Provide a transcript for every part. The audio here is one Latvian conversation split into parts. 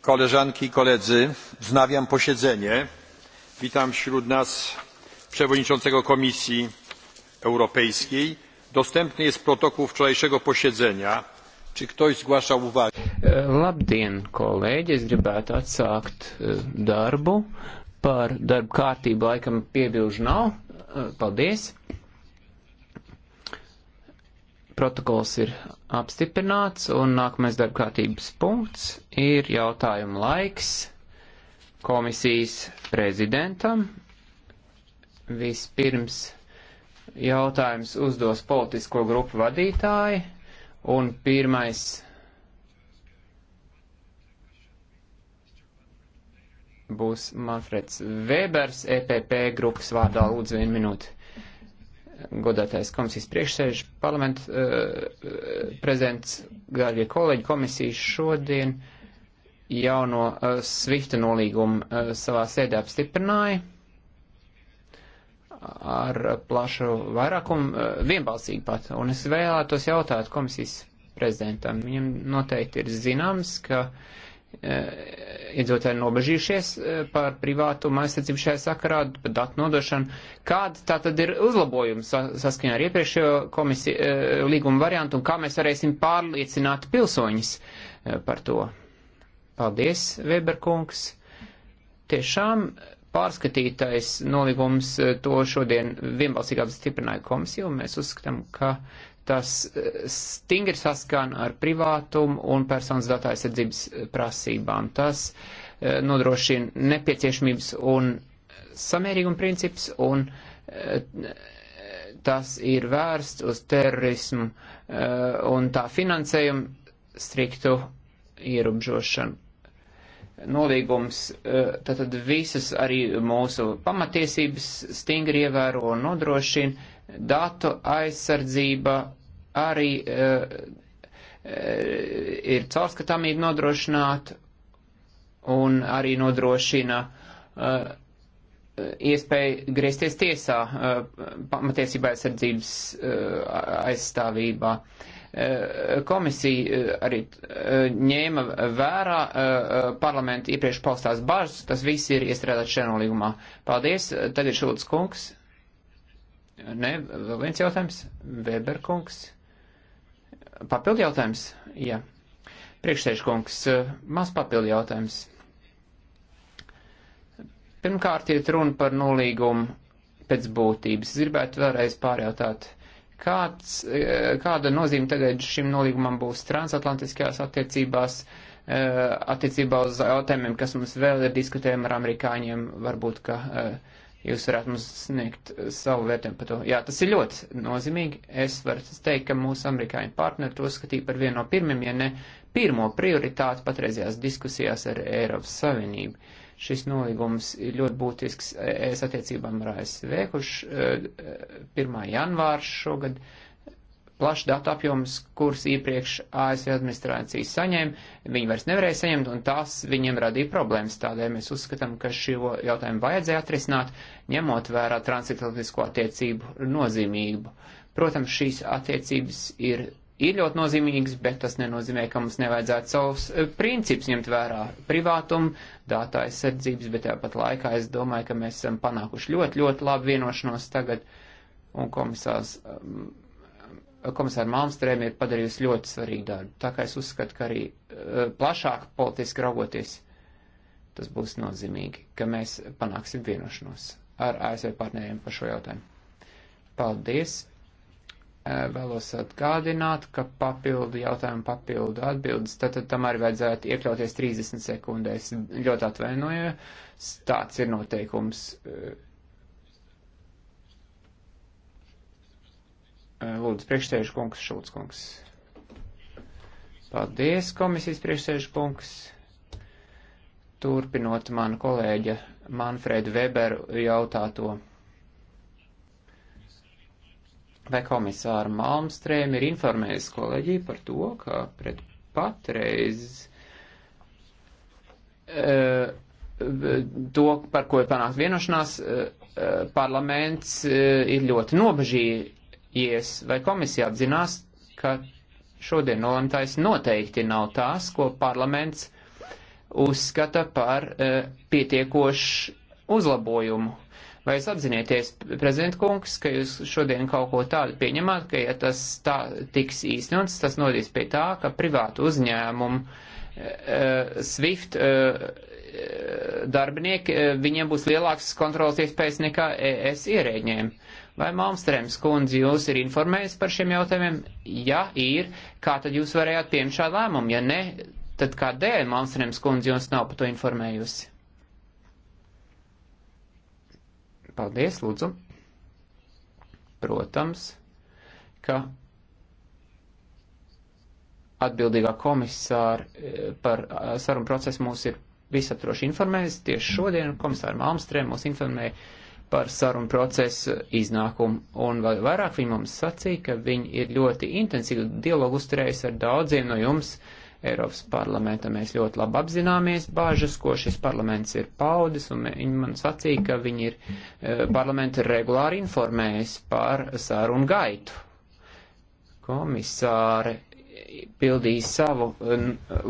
koleżanki i koledzy wznawiam posiedzenie. witam wśród nas przewodniczącego komisji europejskiej. dostępny jest protokół wczorajszego posiedzenia. czy ktoś zgłasza uwagi? Labdien, kolēģi! Es gribētu atsākt e, darbu. Par darbu kārtību laikam piebilžu nav. E, paldies! protokols ir apstiprināts, un nākamais darbkārtības punkts ir jautājuma laiks komisijas prezidentam. Vispirms jautājums uzdos politisko grupu vadītāji, un pirmais būs Manfreds Webers, EPP grupas vārdā. Lūdzu, vienu minūti godātais komisijas priekšsēž, parlamenta uh, eh, prezidents, gārgie kolēģi, komisija šodien jauno uh, eh, svifta nolīgumu uh, savā sēdē apstiprināja ar plašu vairākumu, uh, vienbalsīgi pat. Un es vēlētos jautāt komisijas prezidentam. Viņam noteikti ir zināms, ka uh, Eh, iedzīvotāji nobežījušies eh, par privātumu aizsardzību šajā sakarā, par datu nodošanu. Kāda tā tad ir uzlabojuma saskaņā ar iepriekšējo eh, līguma variantu un kā mēs varēsim pārliecināt pilsoņus par to? Paldies, Weberkungs. Tiešām pārskatītais nolīgums to šodien vienbalsīgi apstiprināja komisija, un mēs uzskatām, ka uh, tas eh, stingri saskan ar privātumu un personas datu aizsardzības eh, prasībām. Tas eh, nodrošina nepieciešamības un samērīguma princips un tas ir vērsts uz terorismu un tā finansējumu striktu ierobžošanu nolīgums, tātad visas arī mūsu pamatiesības stingri ievēro un nodrošina datu aizsardzība arī eh, eh, ir caurskatāmība nodrošināta un arī nodrošina eh, iespēju griezties tiesā pamatiesībā aizsardzības aizstāvībā. Komisija arī ņēma vērā parlamentu iepriekš paustās bažas, tas viss ir iestrādāts šajā nolīgumā. Paldies, tagad Šulc kungs. Nē, vēl viens jautājums. Weber kungs. Papildu jautājums? Jā. Priekšsēžkungs, maz papildu jautājums. Pirmkārt, iet runa par nolīgumu pēc būtības. Gribētu vēlreiz pārjautāt, kāds, e, kāda nozīme tagad šim nolīgumam būs transatlantiskajās attiecībās, e, attiecībā uz jautājumiem, kas mums vēl ir diskutējami ar amerikāņiem, varbūt, ka uh, jūs varētu mums sniegt eh, savu vērtējumu par to. Jā, tas ir ļoti nozīmīgi. Es varu teikt, ka mūsu amerikāņu partneri to skatīja par vienu no pirmiem, ja ne pirmo prioritāti patreizajās diskusijās ar Eiropas Savienību. Šis nolīgums ir ļoti būtisks eh, es attiecībām ar ASV, kurš 1. Eh, janvārs šogad. Uh, plašs datu apjoms, kurus iepriekš ASV administrācijas saņēma, viņi vairs nevarēja saņemt, un tās viņiem radīja problēmas. Tādēļ mēs uzskatām, ka šo jautājumu vajadzēja atrisināt, ņemot vērā transatlantisko attiecību nozīmību. Protams, šīs attiecības ir, ir ļoti nozīmīgas, bet tas nenozīmē, ka mums nevajadzētu savus eh, principus ņemt vērā - privātumu, datu aizsardzības, bet tāpat laikā es domāju, ka mēs esam panākuši ļoti, ļoti labu vienošanos tagad, un komisārs. Um, komisāra Malmstrēm ir padarījusi ļoti svarīgu darbu. Tā kā es uzskatu, ka arī eh, plašāk politiski raugoties, tas būs nozīmīgi, ka mēs panāksim vienošanos ar ASV partneriem par šo jautājumu. Paldies! Eh, vēlos atgādināt, ka papildu jautājumu, papildu atbildes, tad, tad tam arī vajadzētu iekļauties 30 sekundēs. Ļoti atvainojos, tāds ir noteikums. Uh, Eh, lūdzu, priekšsēžu kungs, Šulc kungs. Paldies, komisijas priekšsēžu kungs. Turpinot manu kolēģa Manfredu Weberu jautāto. Vai komisāra Malmstrēm ir informējis kolēģiju par to, ka pret patreiz uh, to, par ko ir panākt vienošanās, uh, parlaments uh, ir ļoti nobežīgi ies, vai komisija atzinās, ka šodien nolemtais noteikti nav tās, ko parlaments uzskata par e, pietiekošu uzlabojumu. Vai jūs apzināties, prezidentkungs, ka jūs šodien kaut ko tādu pieņemat, ka ja tas tā tiks īstenots, tas nodīs pie tā, ka privātu uzņēmumu e, SWIFT e, e, darbinieki, e, viņiem būs lielāks kontrols iespējas nekā ES ierēģiem. E, Vai Malmstrēms kundze jūs ir informējusi par šiem jautājumiem? Ja ir, kā tad jūs varējāt pieņemt šādu lēmumu? Ja ne, tad kādēļ Malmstrēms kundze jums nav par to informējusi? Paldies, lūdzu. Protams, ka atbildīgā komisāra eh, par eh, sarunu procesu mūs ir visaptroši informējusi. Tieši šodien komisāra Malmstrēm mūs informēja par sarunu procesu iznākumu. Un vēl vairāk viņi mums sacīja, ka viņi ir ļoti intensīvi dialogu uzturējusi ar daudziem no jums Eiropas parlamenta. Mēs ļoti labi apzināmies bāžas, ko šis parlaments ir paudis, un viņi man sacīja, ka viņi ir e, parlamenta regulāri informējis par sarunu gaitu. Komisāre pildīja savu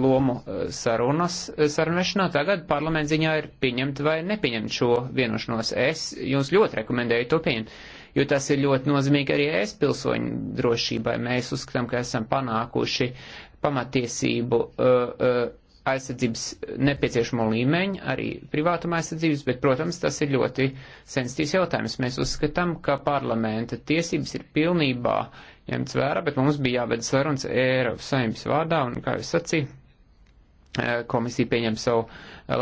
lomu e, sarunas e, sarunvešanā. Tagad parlamenta ziņā ir pieņemt vai nepieņemt šo vienošanos. Es jums ļoti rekomendēju to pieņemt, jo tas ir ļoti nozīmīgi arī es pilsoņu drošībai. Mēs uzskatām, ka esam panākuši pamatiesību e, aizsardzības nepieciešamo līmeņu, arī privātuma aizsardzības, bet, protams, tas ir ļoti sensitīvs jautājums. Mēs uzskatām, ka parlamenta tiesības ir pilnībā ņemts vērā, bet mums bija jāved sarunas Eiropas saimnes vārdā, un, kā jūs sacīju, e, komisija pieņem savu e,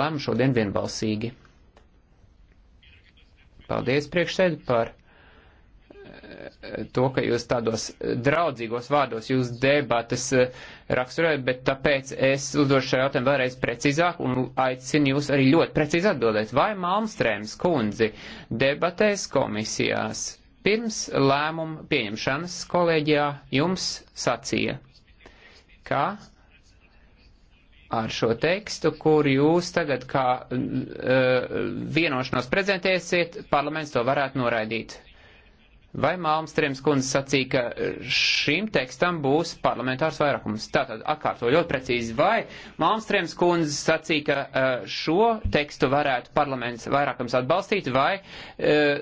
lēmu šodien vienbalsīgi. Paldies priekšsēdi par e, to, ka jūs tādos draudzīgos vārdos jūs debatas raksturojat, bet tāpēc es uzdošu šo jautājumu vēlreiz precīzāk un aicinu jūs arī ļoti precīzi atbildēt. Vai Malmstrēms kundzi debatēs komisijās Pirms lēmuma pieņemšanas kolēģijā jums sacīja, ka ar šo tekstu, kur jūs tagad kā uh, vienošanos prezentēsiet, parlaments to varētu noraidīt. Vai Malmstrēms kundze sacīja, ka eh, šim tekstam būs parlamentārs vairākums? Tātad atkārto ļoti precīzi. Vai Malmstrēms kundze sacīja, ka eh, šo tekstu varētu parlaments vairākums atbalstīt, vai eh,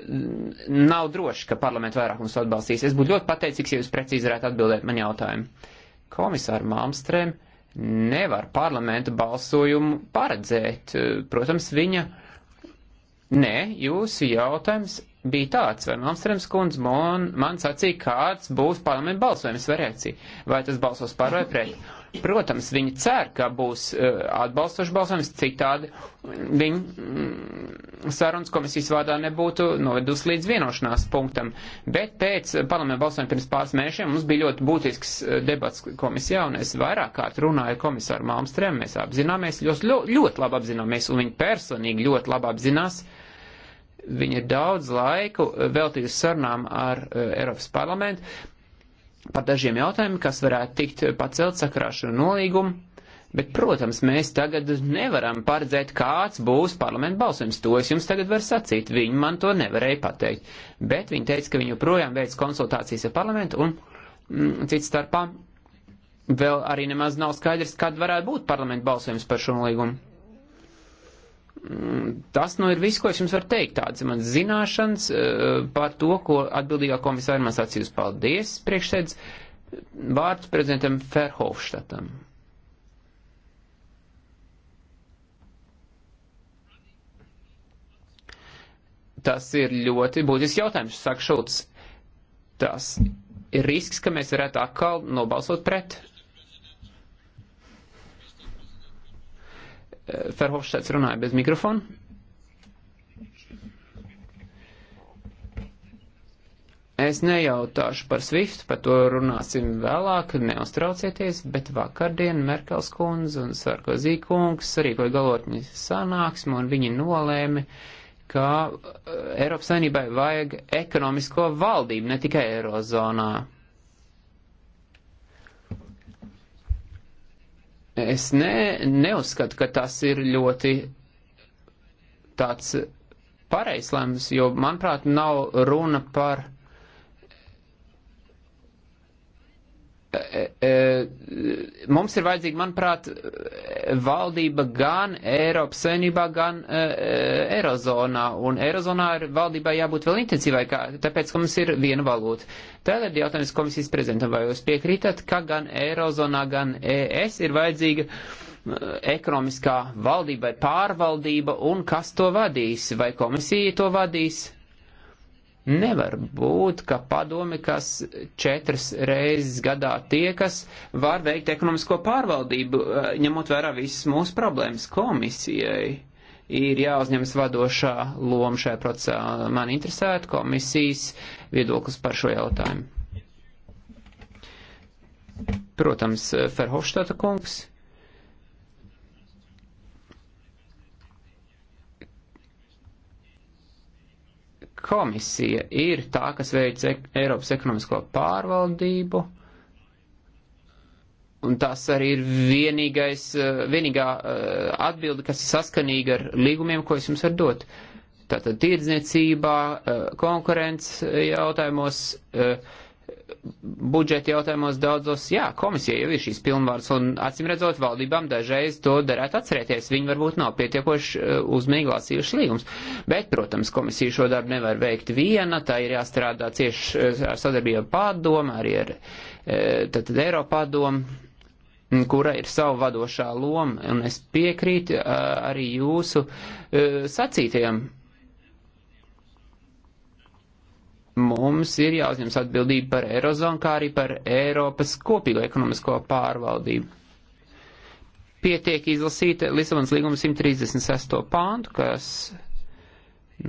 nav droši, ka parlaments vairākums atbalstīs? Es būtu ļoti pateicīgs, ja jūs precīzi varētu atbildēt man jautājumu. Komisāra Malmstrēm nevar parlamenta balsojumu paredzēt. Protams, viņa. Nē, jūsu jautājums bija tāds, vai Malmstrēms kundze man, man sacīja, kāds būs parlamenta balsojums variācija, vai tas balsos par vai pret. Protams, viņi cer, ka būs uh, eh, atbalstošs balsojums, citādi viņa mm, sarunas komisijas vārdā nebūtu novedus līdz vienošanās punktam. Bet pēc parlamenta balsojuma pirms pāris mēnešiem mums bija ļoti būtisks eh, debats komisijā, un es vairāk kārt runāju komisāru Malmstrēm, mēs apzināmies, ļoti, ļoti labi apzināmies, un viņi personīgi ļoti labi apzinās, uh, Viņa ir daudz laiku veltījusi sarunām ar eh, Eiropas parlamentu par dažiem jautājumiem, kas varētu tikt pacelt sakarā šo nolīgumu. Bet, protams, mēs tagad nevaram paredzēt, kāds būs parlamenta balsojums. To es jums tagad varu sacīt. Viņi man to nevarēja pateikt. Bet viņi teica, ka viņi joprojām veic konsultācijas ar parlamentu un mm, cits starpā vēl arī nemaz nav skaidrs, kad varētu būt parlamenta balsojums par šo nolīgumu. Mm, tas nu ir viss, ko es jums varu teikt. Tāds ir mans zināšanas eh, par to, ko atbildīgā komisāra man sacījusi. Paldies, priekšsēdz. Vārds prezidentam Ferhofštatam. Tas ir ļoti būtisks jautājums, saka Šulcs. Tas ir risks, ka mēs varētu atkal nobalsot pret Ferhofstads runāja bez mikrofona. Es nejautāšu par Swift, par to runāsim vēlāk, neuztraucieties, bet vakardien Merkels kundze un Sarkozī kungs sarīkoja galotņu sanāksmu un viņi nolēma, ka eh, Eiropas saimnībai vajag ekonomisko valdību, ne tikai Eirozonā. Es ne, neuzskatu, ka tas ir ļoti tāds pareizs lēmums, jo, manuprāt, nav runa par E, e, mums ir vajadzīga, manuprāt, valdība gan Eiropas Savienībā, gan e, Eirozonā. Un Eirozonā ir valdībai jābūt vēl intensīvai, kā, tāpēc, ka mums ir viena valūta. Tātad jautājums komisijas prezidentam, vai jūs piekrītat, ka gan Eirozonā, gan ES ir vajadzīga ekonomiskā valdībai pārvaldība un kas to vadīs? Vai komisija to vadīs? Nevar būt, ka padomi, kas četras reizes gadā tiekas, var veikt ekonomisko pārvaldību, eh, ņemot vērā visas mūsu problēmas komisijai. Ir jāuzņemas vadošā loma šajā procesā. Man interesētu komisijas viedoklis par šo jautājumu. Protams, Ferhofštata kungs. Komisija ir tā, kas veic ek Eiropas ekonomisko pārvaldību, un tas arī ir vienīgais, eh, vienīgā eh, atbilde, kas ir saskanīga ar līgumiem, ko es jums varu dot. Tātad tirdzniecībā, eh, konkurences jautājumos, uh, budžeta jautājumos daudzos, jā, komisija jau ir šīs pilnvaras, un acīm redzot, valdībām dažreiz to darētu atcerēties. Viņi varbūt nav pietiekoši eh, uzmanīgi lasījuši līgums. Bet, protams, komisija šo darbu nevar veikt viena, tā ir jāstrādā cieši eh, ar sadarbību pārdomu, arī ar eh, tātad Eiropā domu kura ir savu vadošā loma, un es piekrītu arī jūsu sacītajam mums ir jāuzņems atbildība par Eirozonu, kā arī par Eiropas kopīgo ekonomisko pārvaldību. Pietiek izlasīt Lisabonas līguma 136. pāntu, kas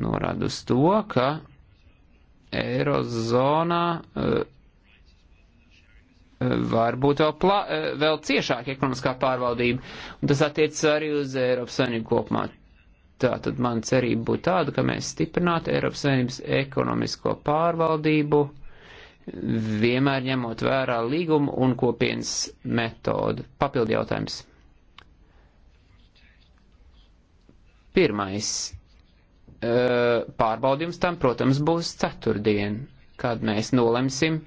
norāda uz to, ka Eirozonā eh, eh, var būt vēl, pla, eh, vēl ciešāka ekonomiskā pārvaldība, un tas attiecas arī uz Eiropas Savienību kopumā. Tā tad man cerība būtu tāda, ka mēs stiprinātu Eiropas Savienības ekonomisko pārvaldību, vienmēr ņemot vērā līgumu un kopienas metodu. Papildi jautājums. Pirmais e, pārbaudījums tam, protams, būs ceturtdien, kad mēs nolemsim,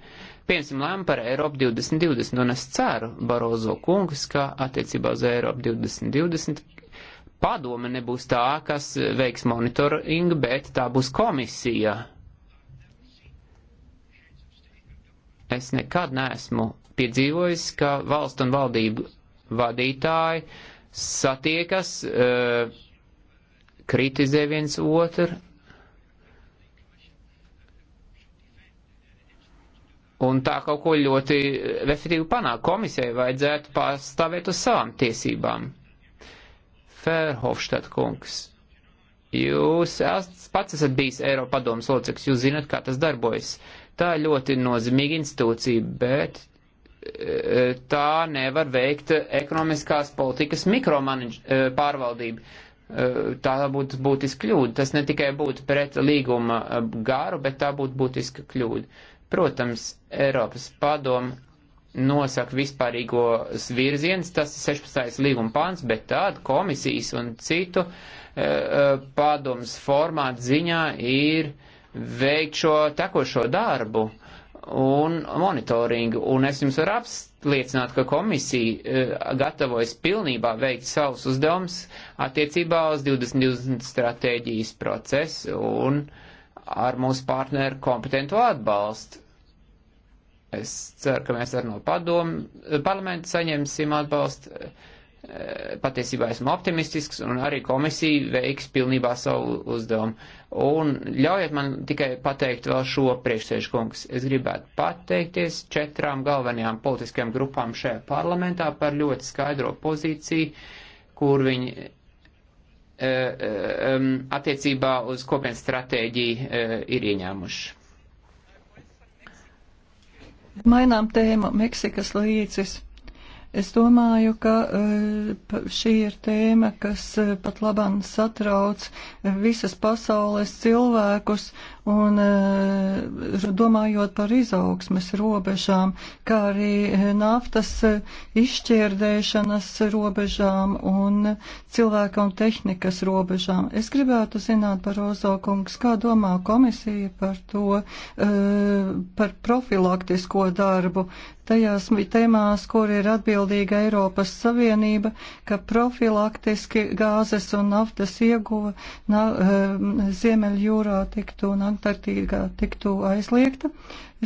pieņemsim lēmu par Eiropu 2020, un es ceru, Barozo kungs, ka attiecībā uz Eiropu 2020 padome nebūs tā, kas veiks monitoringu, bet tā būs komisija. Es nekad neesmu piedzīvojis, ka valstu un valdību vadītāji satiekas, eh, kritizē viens otru. Un tā kaut ko ļoti efektīvi panāk. Komisijai vajadzētu pastāvēt uz savām tiesībām. Ferhofštad kungs. Jūs pats esat bijis Eiropa padomas loceklis, jūs zinat, kā tas darbojas. Tā ir ļoti nozīmīga institūcija, bet e, tā nevar veikt ekonomiskās politikas mikropārvaldību. E, e, tā būtu būtiska kļūda. Tas ne tikai būtu pret līguma garu, bet tā būtu būtiska kļūda. Protams, Eiropas padoma nosaka vispārīgos virziens, tas ir 16. līguma pants, bet tāda komisijas un citu uh, eh, eh, padoms formāta ziņā ir veikt šo tekošo darbu un monitoringu. Un es jums varu apliecināt, ka komisija uh, gatavojas pilnībā veikt savus uzdevumus attiecībā uz 2020 stratēģijas procesu un ar mūsu partneru kompetentu atbalstu Es ceru, ka mēs arī no padomu, parlamentu saņemsim atbalstu. Patiesībā esmu optimistisks un arī komisija veiks pilnībā savu uzdevumu. Un ļaujiet man tikai pateikt vēl šo priekšsēžu kungs. Es gribētu pateikties četrām galvenajām politiskajām grupām šajā parlamentā par ļoti skaidro pozīciju, kur viņi e, e, attiecībā uz kopienas stratēģiju e, ir ieņēmuši. Mainām tēmu Meksikas līcis. Es domāju, ka eh, šī ir tēma, kas eh, pat labam satrauc eh, visas pasaules cilvēkus Un eh, domājot par izaugsmes robežām, kā arī eh, naftas eh, izšķērdēšanas robežām un cilvēka un tehnikas robežām. Es gribētu zināt, Barozo kungs, kā domā komisija par to, par profilaktisko darbu, tajās tēmās, kur ir atbildīga Eiropas Savienība, ka profilaktiski gāzes un naftas ieguva na, Ziemeļjūrā tiktu un tā tīrgā tiktu aizliegta.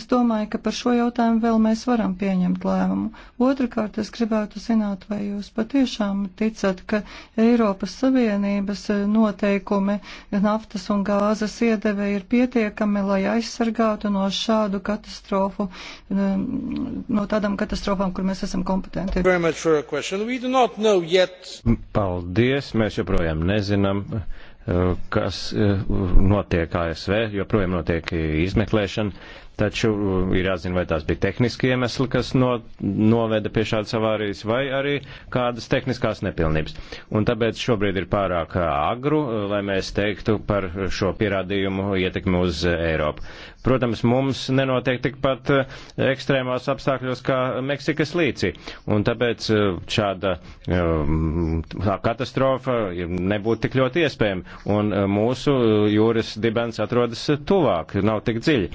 Es domāju, ka par šo jautājumu vēl mēs varam pieņemt lēmumu. Otrakārt, es gribētu zināt, vai jūs patiešām ticat, ka Eiropas Savienības noteikumi naftas un gāzes iedeve ir pietiekami, lai aizsargātu no šādu katastrofu, um, no tādām katastrofām, kur mēs esam kompetenti. Paldies, mēs joprojām nezinām Eh, kas eh, notiek ASV, joprojām notiek izmeklēšana, Taču uh, ir jāzina, vai tās bija tehniski iemesli, kas no, noveda pie šādas avārijas, vai arī kādas tehniskās nepilnības. Un tāpēc šobrīd ir pārāk uh, agru, uh, lai mēs teiktu par šo pierādījumu ietekmi uz Eiropu. Protams, mums nenotiek tikpat ekstrēmās apstākļos kā Meksikas līcī, un tāpēc šāda um, tā katastrofa nebūtu tik ļoti iespējama, un mūsu jūras dibens atrodas tuvāk, nav tik dziļi.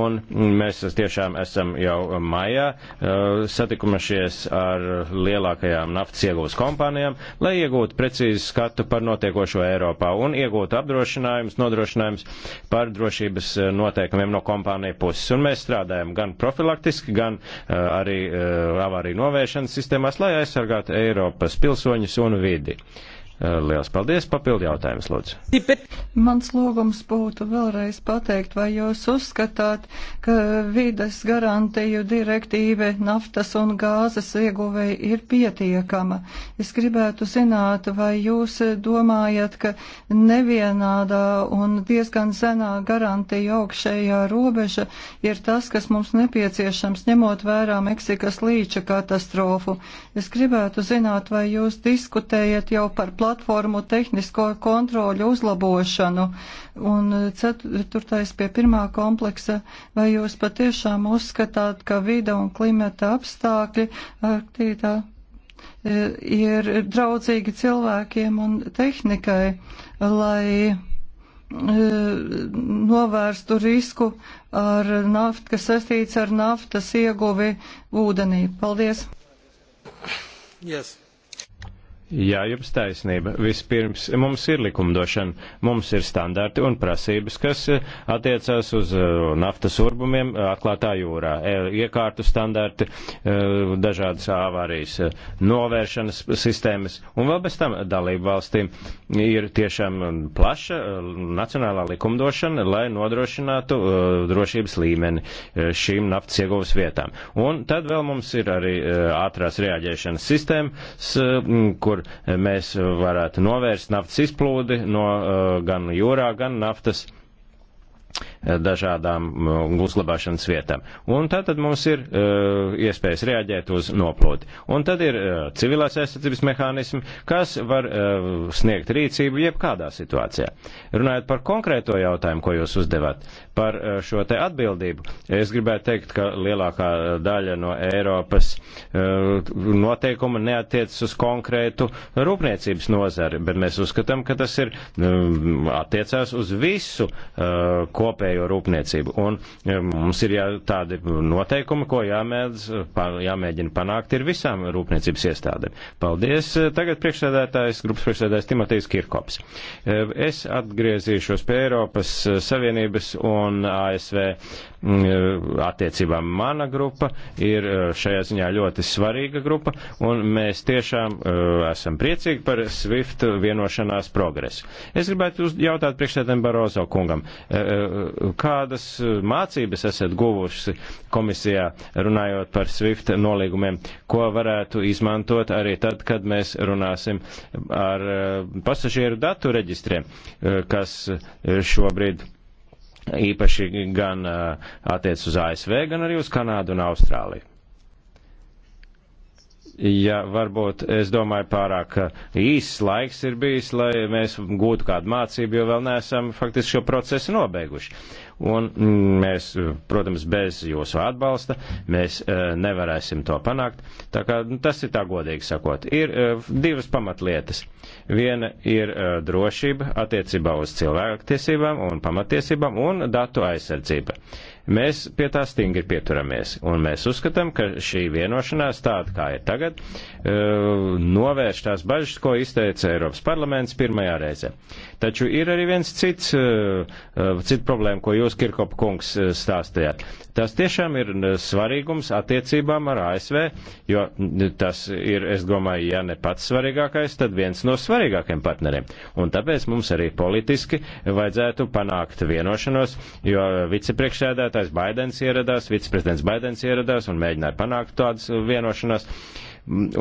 Un un mēs tiešām esam jau maijā uh, satikumašies ar lielākajām naftas iegūs kompānijām, lai iegūtu precīzi skatu par notiekošo Eiropā un iegūtu apdrošinājums, nodrošinājums par drošības uh, noteikumiem no kompāniju puses. Un mēs strādājam gan profilaktiski, gan uh, arī avāriju novēršanas sistēmās, lai aizsargātu Eiropas pilsoņus un vidi. Eh, Lielas paldies, papildu jautājums, lūdzu. Mans lūgums būtu vēlreiz pateikt, vai jūs uzskatāt, ka vides garantiju direktīve naftas un gāzes ieguvei ir pietiekama? Es gribētu zināt, vai jūs domājat, ka nevienādā un diezgan senā garantija augšējā robeža ir tas, kas mums nepieciešams, ņemot vērā Meksikas līča katastrofu. Es gribētu zināt, vai jūs diskutējat jau par plānu platformu tehnisko kontroļu uzlabošanu. Un ceturtais pie pirmā kompleksa, vai jūs patiešām uzskatāt, ka vida un klimata apstākļi Arktītā e, ir draudzīgi cilvēkiem un tehnikai, lai e, novērstu risku ar naftu, kas saistīts ar naftas ieguvi ūdenī. Paldies! Yes. Jā, jums taisnība. Vispirms mums ir likumdošana, mums ir standarti un prasības, kas eh, attiecās uz eh, naftas urbumiem eh, atklātā jūrā. E, iekārtu standarti, dažādas avārijas novēršanas sistēmas un vēl bez tam dalību valstīm ir tiešām plaša nacionālā likumdošana, lai nodrošinātu drošības līmeni šīm naftas ieguvas vietām. Un tad vēl mums ir arī ātrās reaģēšanas sistēmas, kur kur mēs varētu novērst naftas izplūdi no eh, gan jūrā, gan naftas dažādām uzglabāšanas vietām. Un tad, tad mums ir uh, iespējas reaģēt uz noplūdi. Un tad ir uh, civilās aizsardzības mehānismi, kas var uh, sniegt rīcību jebkādā situācijā. Runājot par konkrēto jautājumu, ko jūs uzdevāt, par uh, šo te atbildību, es gribētu teikt, ka lielākā daļa no Eiropas uh, noteikuma neatiecas uz konkrētu rūpniecības nozari, bet mēs uzskatām, ka tas ir uh, attiecās uz visu uh, kopēju vietējo rūpniecību. Un e, mums ir jā, tādi noteikumi, ko jāmēdz, jāmēģina panākt ir visām rūpniecības iestādēm. Paldies. E, tagad priekšsēdētājs, grupas priekšsēdētājs Timotejs Kirkops. E, es atgriezīšos pie Eiropas Savienības un ASV Mm, e, attiecībā mana grupa ir e, šajā ziņā ļoti svarīga grupa, un mēs tiešām e, esam priecīgi par SWIFT vienošanās progresu. Es gribētu jautāt priekšsēdēm Barozo kungam, kādas mācības esat guvuši komisijā runājot par SWIFT nolīgumiem, ko varētu izmantot arī tad, kad mēs runāsim ar pasažieru datu reģistriem, kas šobrīd īpaši gan attiec uz ASV, gan arī uz Kanādu un Austrāliju. Ja varbūt, es domāju, pārāk īss laiks ir bijis, lai mēs gūtu kādu mācību, jo vēl neesam faktiski šo procesu nobeiguši un mēs, protams, bez jūsu atbalsta mēs eh, nevarēsim to panākt. Tā kā nu, tas ir tā godīgi sakot. Ir eh, divas pamatlietas. Viena ir eh, drošība attiecībā uz cilvēktiesībām un pamatiesībām un datu aizsardzība. Mēs pie tā stingri pieturamies, un mēs uzskatām, ka šī vienošanās tāda, kā ir tagad, e, novērš tās bažas, ko izteica Eiropas parlaments pirmajā reizē. Taču ir arī viens cits, e, e, cita problēma, ko jūs, Kirkop kungs, stāstījāt. Tas tiešām ir svarīgums attiecībām ar ASV, jo tas ir, es domāju, ja ne pats svarīgākais, tad viens no svarīgākiem partneriem. Un tāpēc mums arī politiski vajadzētu panākt vienošanos, jo vicepriekšēdā priekšsēdētājs Baidens ieradās, viceprezidents Baidens ieradās un mēģināja panākt tādas vienošanās.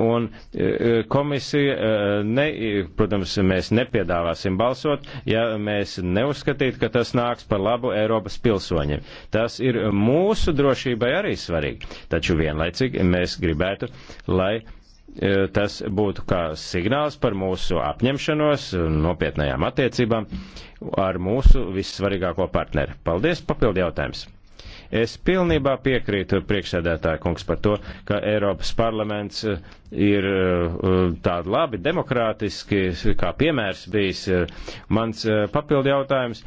Un e, e, komisija, e, ne, protams, mēs nepiedāvāsim balsot, ja mēs neuzskatītu, ka tas nāks par labu Eiropas pilsoņiem. Tas ir mūsu drošībai arī svarīgi. Taču vienlaicīgi mēs gribētu, lai tas būtu kā signāls par mūsu apņemšanos, nopietnējām attiecībām ar mūsu vissvarīgāko partneri. Paldies, papildi jautājums! Es pilnībā piekrītu priekšsēdētāju kungs par to, ka Eiropas parlaments eh, ir eh, tādi labi demokrātiski, kā piemērs bijis. Eh, mans papildu jautājums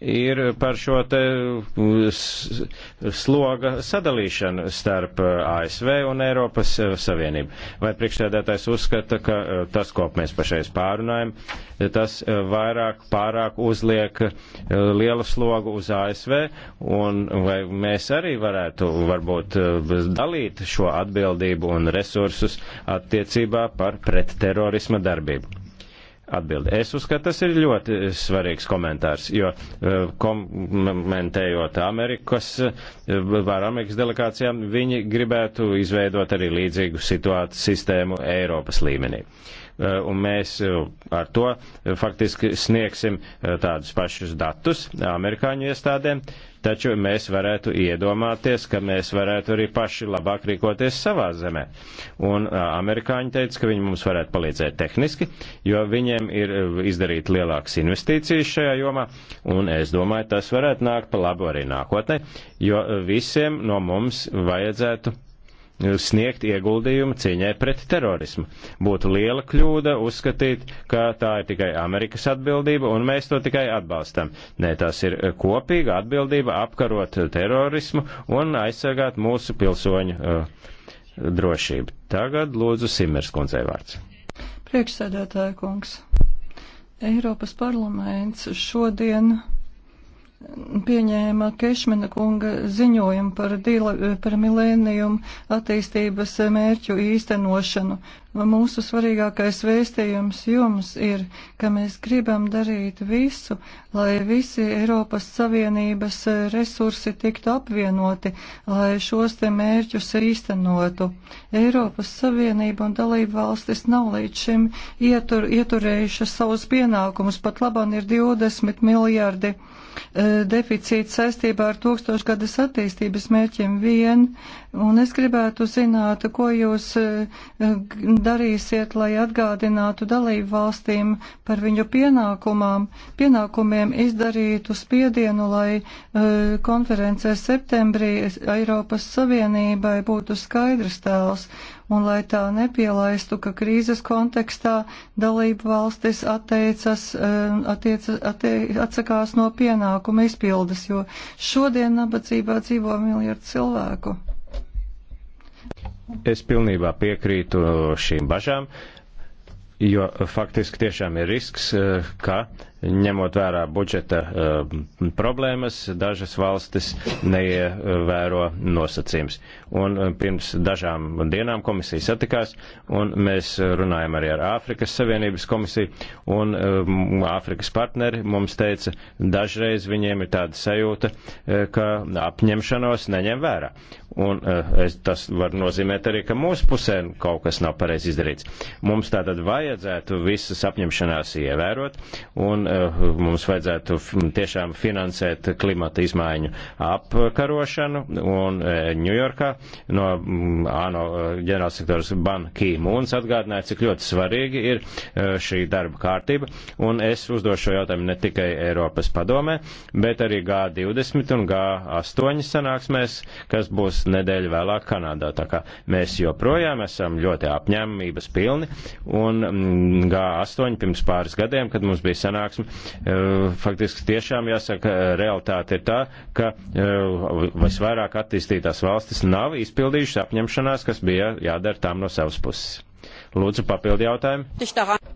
ir par šo te mm, sloga sadalīšanu starp eh, ASV un Eiropas eh, Savienību. Vai priekšsēdētājs uzskata, ka eh, tas, ko mēs pašais pārunājam, tas vairāk pārāk uzliek lielu slogu uz ASV, un vai mēs arī varētu varbūt dalīt šo atbildību un resursus attiecībā par pretterorisma darbību. Atbildi. Es uzskatu, tas ir ļoti svarīgs komentārs, jo e, komentējot Amerikas, e, var Amerikas delegācijām, viņi gribētu izveidot arī līdzīgu situāciju sistēmu Eiropas līmenī. E, un mēs ar to faktiski sniegsim tādus pašus datus amerikāņu iestādēm, taču mēs varētu iedomāties, ka mēs varētu arī paši labāk rīkoties savā zemē. Un amerikāņi teica, ka viņi mums varētu palīdzēt tehniski, jo viņiem ir izdarīt lielākas investīcijas šajā jomā, un es domāju, tas varētu nākt pa labu arī nākotnē, jo visiem no mums vajadzētu sniegt ieguldījumu cīņai pret terorismu. Būtu liela kļūda uzskatīt, ka tā ir tikai Amerikas atbildība un mēs to tikai atbalstam. Nē, tās ir kopīga atbildība apkarot terorismu un aizsargāt mūsu pilsoņu uh, drošību. Tagad lūdzu Simers kundzei vārds. Priekšsēdētāja kungs. Eiropas parlaments šodien pieņēma Kešmena kunga ziņojumu par, dila, par milēnijumu attīstības mērķu īstenošanu. Mūsu svarīgākais vēstījums jums ir, ka mēs gribam darīt visu, lai visi Eiropas Savienības resursi tiktu apvienoti, lai šos te mērķus īstenotu. Eiropas Savienība un dalība valstis nav līdz šim ietur, ieturējušas savus pienākumus, pat labam ir 20 miljardi e, deficīts saistībā ar tūkstošgadas attīstības mērķiem vien, un es gribētu zināt, ko jūs e, darīsiet, lai atgādinātu dalību valstīm par viņu pienākumiem, izdarītu spiedienu, lai uh, konferencē septembrī Eiropas Savienībai būtu skaidrs tēls un lai tā nepielaistu, ka krīzes kontekstā dalību valstis atteicas, uh, e, attiec, attie, atsakās no pienākuma izpildes, jo šodien nabadzībā dzīvo miljardu cilvēku. Es pilnībā piekrītu šīm bažām, jo faktiski tiešām ir risks, eh, ka ņemot vērā budžeta uh, problēmas, dažas valstis neievēro nosacījums. Un eh, pirms dažām dienām komisija satikās, un mēs runājam arī ar Āfrikas Savienības komisiju, un um, Āfrikas partneri mums teica, dažreiz viņiem ir tāda sajūta, uh, ka apņemšanos neņem vērā. Un uh, es, tas var nozīmēt arī, ka mūsu pusē kaut kas nav pareizi izdarīts. Mums tātad vajadzētu visas apņemšanās ievērot, un Eh, mums vajadzētu tiešām finansēt klimata izmaiņu apkarošanu. Un Ņujorkā eh, no mm, ANO eh, ģenerālsektors Ban Ki-mūns atgādināja, cik ļoti svarīgi ir šī darba kārtība. Un es uzdošu šo jautājumu ne tikai Eiropas padomē, bet arī G20 un G8 sanāksmēs, kas būs nedēļa vēlāk Kanādā. Tā kā mēs joprojām esam ļoti apņēmības pilni. Un mm, G8 pirms pāris gadiem, kad mums bija sanāksme, attieksmi. Faktiski tiešām jāsaka, eh, realitāte ir tā, ka eh, visvairāk attīstītās valstis nav izpildījušas apņemšanās, kas bija jādara tām no savas puses. Lūdzu, papildi jautājumu.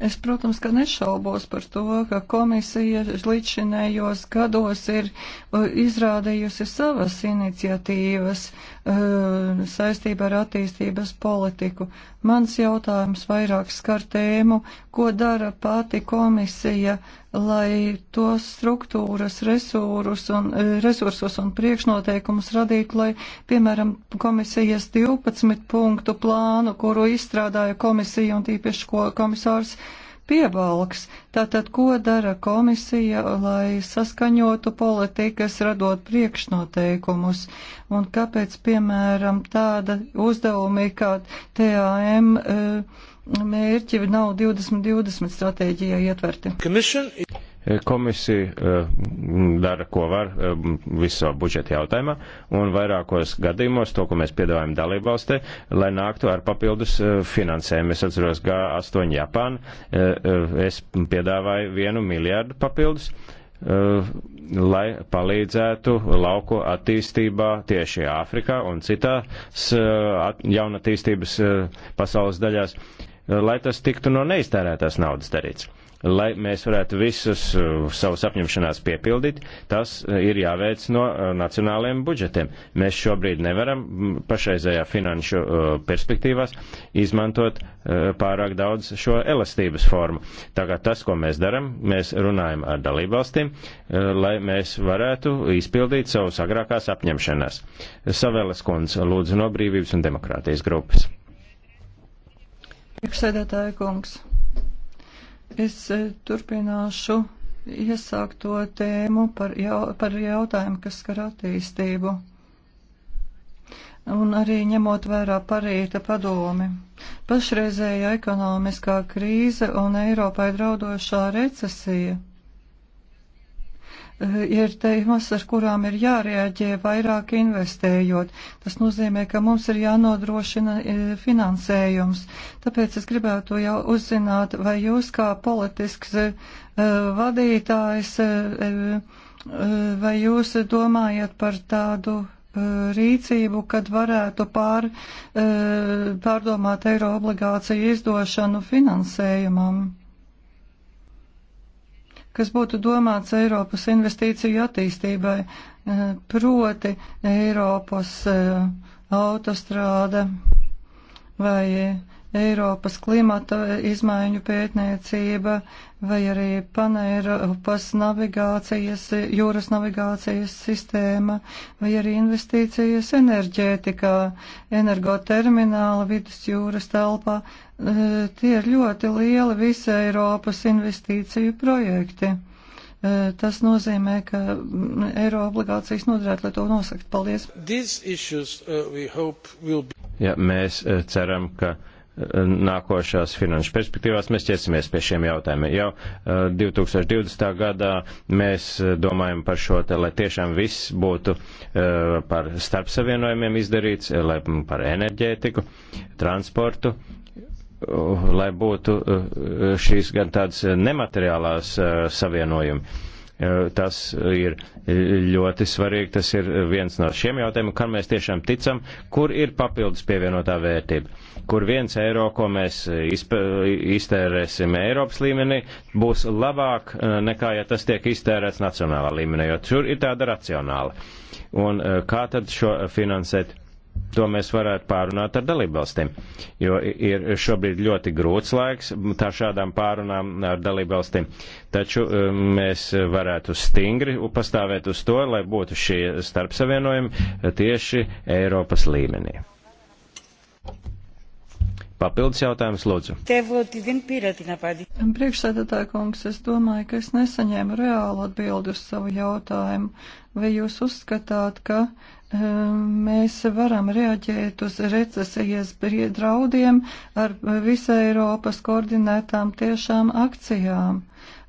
Es, protams, ka nešaubos par to, ka komisija līdzinējos gados ir eh, izrādījusi savas iniciatīvas, Uh, saistībā ar attīstības politiku. Mans jautājums vairāk skar tēmu, ko dara pati komisija, lai tos struktūras, resursus un, uh, resursus un priekšnoteikumus radītu, lai, piemēram, komisijas 12 punktu plānu, kuru izstrādāja komisija un tīpaši komisārs piebalgs. Tātad, ko dara komisija, lai saskaņotu politikas, radot priekšnoteikumus? Un kāpēc, piemēram, tāda uzdevumi kā TAM eh, mērķi nav 2020 stratēģijā ietverti? Commission... Komisija eh, dara, ko var eh, viso budžeta jautājumā, un vairākos gadījumos to, ko mēs piedāvājam dalībvalstē, lai nāktu ar papildus eh, finansējumu. Es atceros G8 Japānu, es piedāvāju vienu miljardu papildus lai palīdzētu lauku attīstībā tieši Āfrikā un citās jaunatīstības pasaules daļās, lai tas tiktu no neiztērētās naudas darīts lai mēs varētu visus uh, savus apņemšanās piepildīt, tas uh, ir jāveic no uh, nacionālajiem budžetiem. Mēs šobrīd nevaram pašreizējā finanšu perspektīvās izmantot pārāk daudz šo elastības formu. Tagad tas, ko mēs daram, mēs runājam ar dalībvalstīm, lai mēs varētu izpildīt savus agrākās apņemšanās. Savēles kundze, lūdzu, no brīvības un demokrātijas grupas. Priekšsēdētāja kungs. Es e, turpināšu iesākto tēmu par, jau, par jautājumu, kas skar attīstību. Un arī ņemot vērā parīta padomi. Pašreizējā ekonomiskā krīze un Eiropai draudošā recesija Eh, ir tēmas, ar kurām ir jārēģē vairāk investējot. Tas nozīmē, ka mums ir jānodrošina eh, finansējums. Tāpēc es gribētu jau uzzināt, vai jūs kā politisks eh, vadītājs, vai jūs domājat par tādu rīcību, kad varētu pār, pārdomāt eiro obligāciju izdošanu finansējumam kas būtu domāts Eiropas investīciju attīstībai, eh, proti Eiropas eh, autostrāde vai Eiropas klimata izmaiņu pētniecība vai arī Paneiropas navigācijas, jūras navigācijas sistēma vai arī investīcijas enerģētikā, energotermināla vidus jūras telpā E, tie ir ļoti lieli visa Eiropas investīciju projekti. E, tas nozīmē, ka eiro obligācijas nodarētu, lai to nosakt. Paldies! Issues, uh, be... ja, mēs uh, ceram, ka uh, nākošās finanšu perspektīvās mēs ķersimies pie šiem jautājumiem. Jau 2020. Uh, gadā mēs domājam par šo, te, lai tiešām viss būtu par starpsavienojumiem izdarīts, lai par enerģētiku, transportu, Uh, lai būtu uh, šīs gan tādas nemateriālās uh, savienojumi. Tas ir ļoti svarīgi, tas ir viens no šiem jautājumiem, kam mēs tiešām ticam, kur ir papildus pievienotā vērtība, kur viens eiro, ko mēs iztērēsim Eiropas līmenī, būs labāk nekā, ja tas tiek iztērēts nacionālā līmenī, jo tur ir tāda racionāla. Un kā tad šo finansēt? to mēs varētu pārunāt ar dalībvalstīm, jo ir šobrīd ļoti grūts laiks tā šādām pārunām ar dalībvalstīm. Taču um, mēs varētu stingri pastāvēt uz to, lai būtu šie starpsavienojumi tieši Eiropas līmenī. Papildus jautājums, lūdzu. Priekšsēdētāja kungs, es domāju, ka es nesaņēmu reālu atbildi uz savu jautājumu. Vai jūs uzskatāt, ka ehm, mēs varam reaģēt uz recesijas draudiem ar visai Eiropas koordinētām tiešām akcijām.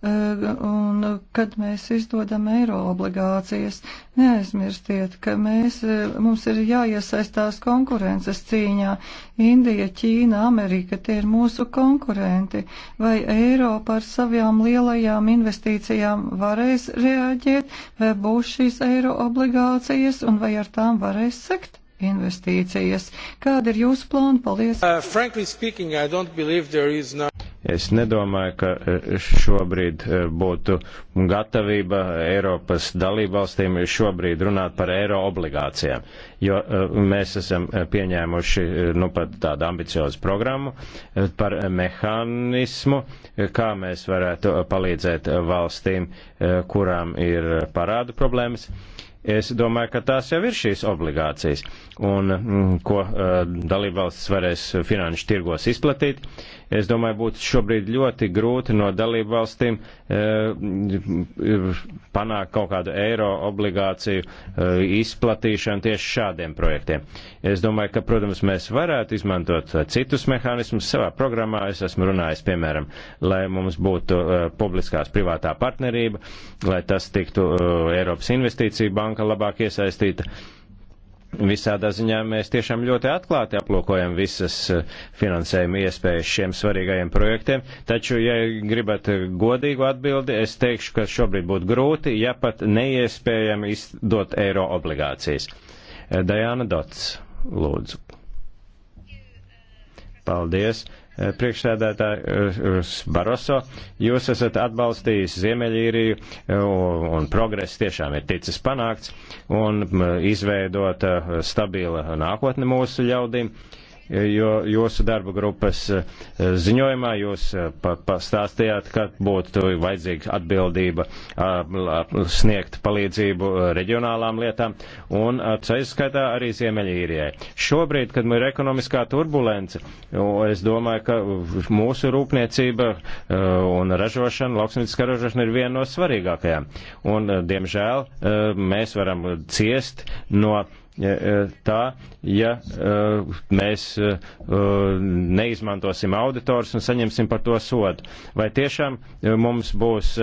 Eh, un kad mēs izdodam eiro obligācijas, neaizmirstiet, ka mēs, eh, mums ir jāiesaistās konkurences cīņā. Indija, Ķīna, Amerika, tie ir mūsu konkurenti. Vai Eiropa ar savām lielajām investīcijām varēs reaģēt, vai būs šīs eiro obligācijas un vai ar tām varēs sekt? investīcijas. Kāda ir jūsu plāna? Paldies! Uh, speaking, no... Es nedomāju, ka uh, šobrīd uh, būtu gatavība Eiropas dalībvalstīm šobrīd runāt par eiro obligācijām, jo uh, mēs esam pieņēmuši nu pat tādu ambiciozu programmu par mehānismu, kā mēs varētu palīdzēt valstīm, kurām ir parādu problēmas Es domāju, ka tās jau ir šīs obligācijas, un mm, ko uh, dalībvalstis varēs finanšu tirgos izplatīt. Es domāju, būtu šobrīd ļoti grūti no dalībvalstīm uh, panākt kaut kādu eiro obligāciju uh, izplatīšanu tieši šādiem projektiem. Es domāju, ka, protams, mēs varētu izmantot uh, citus mehānismus savā programmā. Es esmu runājis, piemēram, lai mums būtu uh, publiskās privātā partnerība, lai tas tiktu uh, Eiropas investīcija banka banka labāk iesaistīta. Visādā ziņā mēs tiešām ļoti atklāti aplūkojam visas eh, finansējuma iespējas šiem svarīgajiem projektiem, taču, ja gribat godīgu atbildi, es teikšu, ka šobrīd būtu grūti, ja pat neiespējami izdot eiro obligācijas. Eh, Dajana Dots, lūdzu. Paldies. Eh, priekšsēdētājs eh, eh, Baroso, jūs esat atbalstījis Ziemeļīriju un progress tiešām ir ticis panākts un izveidot stabila nākotne mūsu ļaudīm jo jūsu darba grupas eh, ziņojumā jūs eh, pastāstījāt, ka būtu vajadzīga atbildība sniegt palīdzību eh, reģionālām lietām un ceļskaitā arī Ziemeļīrijai. Šobrīd, kad mums ir ekonomiskā turbulence, es domāju, ka mūsu rūpniecība un ražošana, lauksmītiskā ražošana ir viena no svarīgākajām. Un, diemžēl, mēs varam ciest no E, tā, ja e, mēs e, neizmantosim auditors un saņemsim par to sodu. Vai tiešām mums būs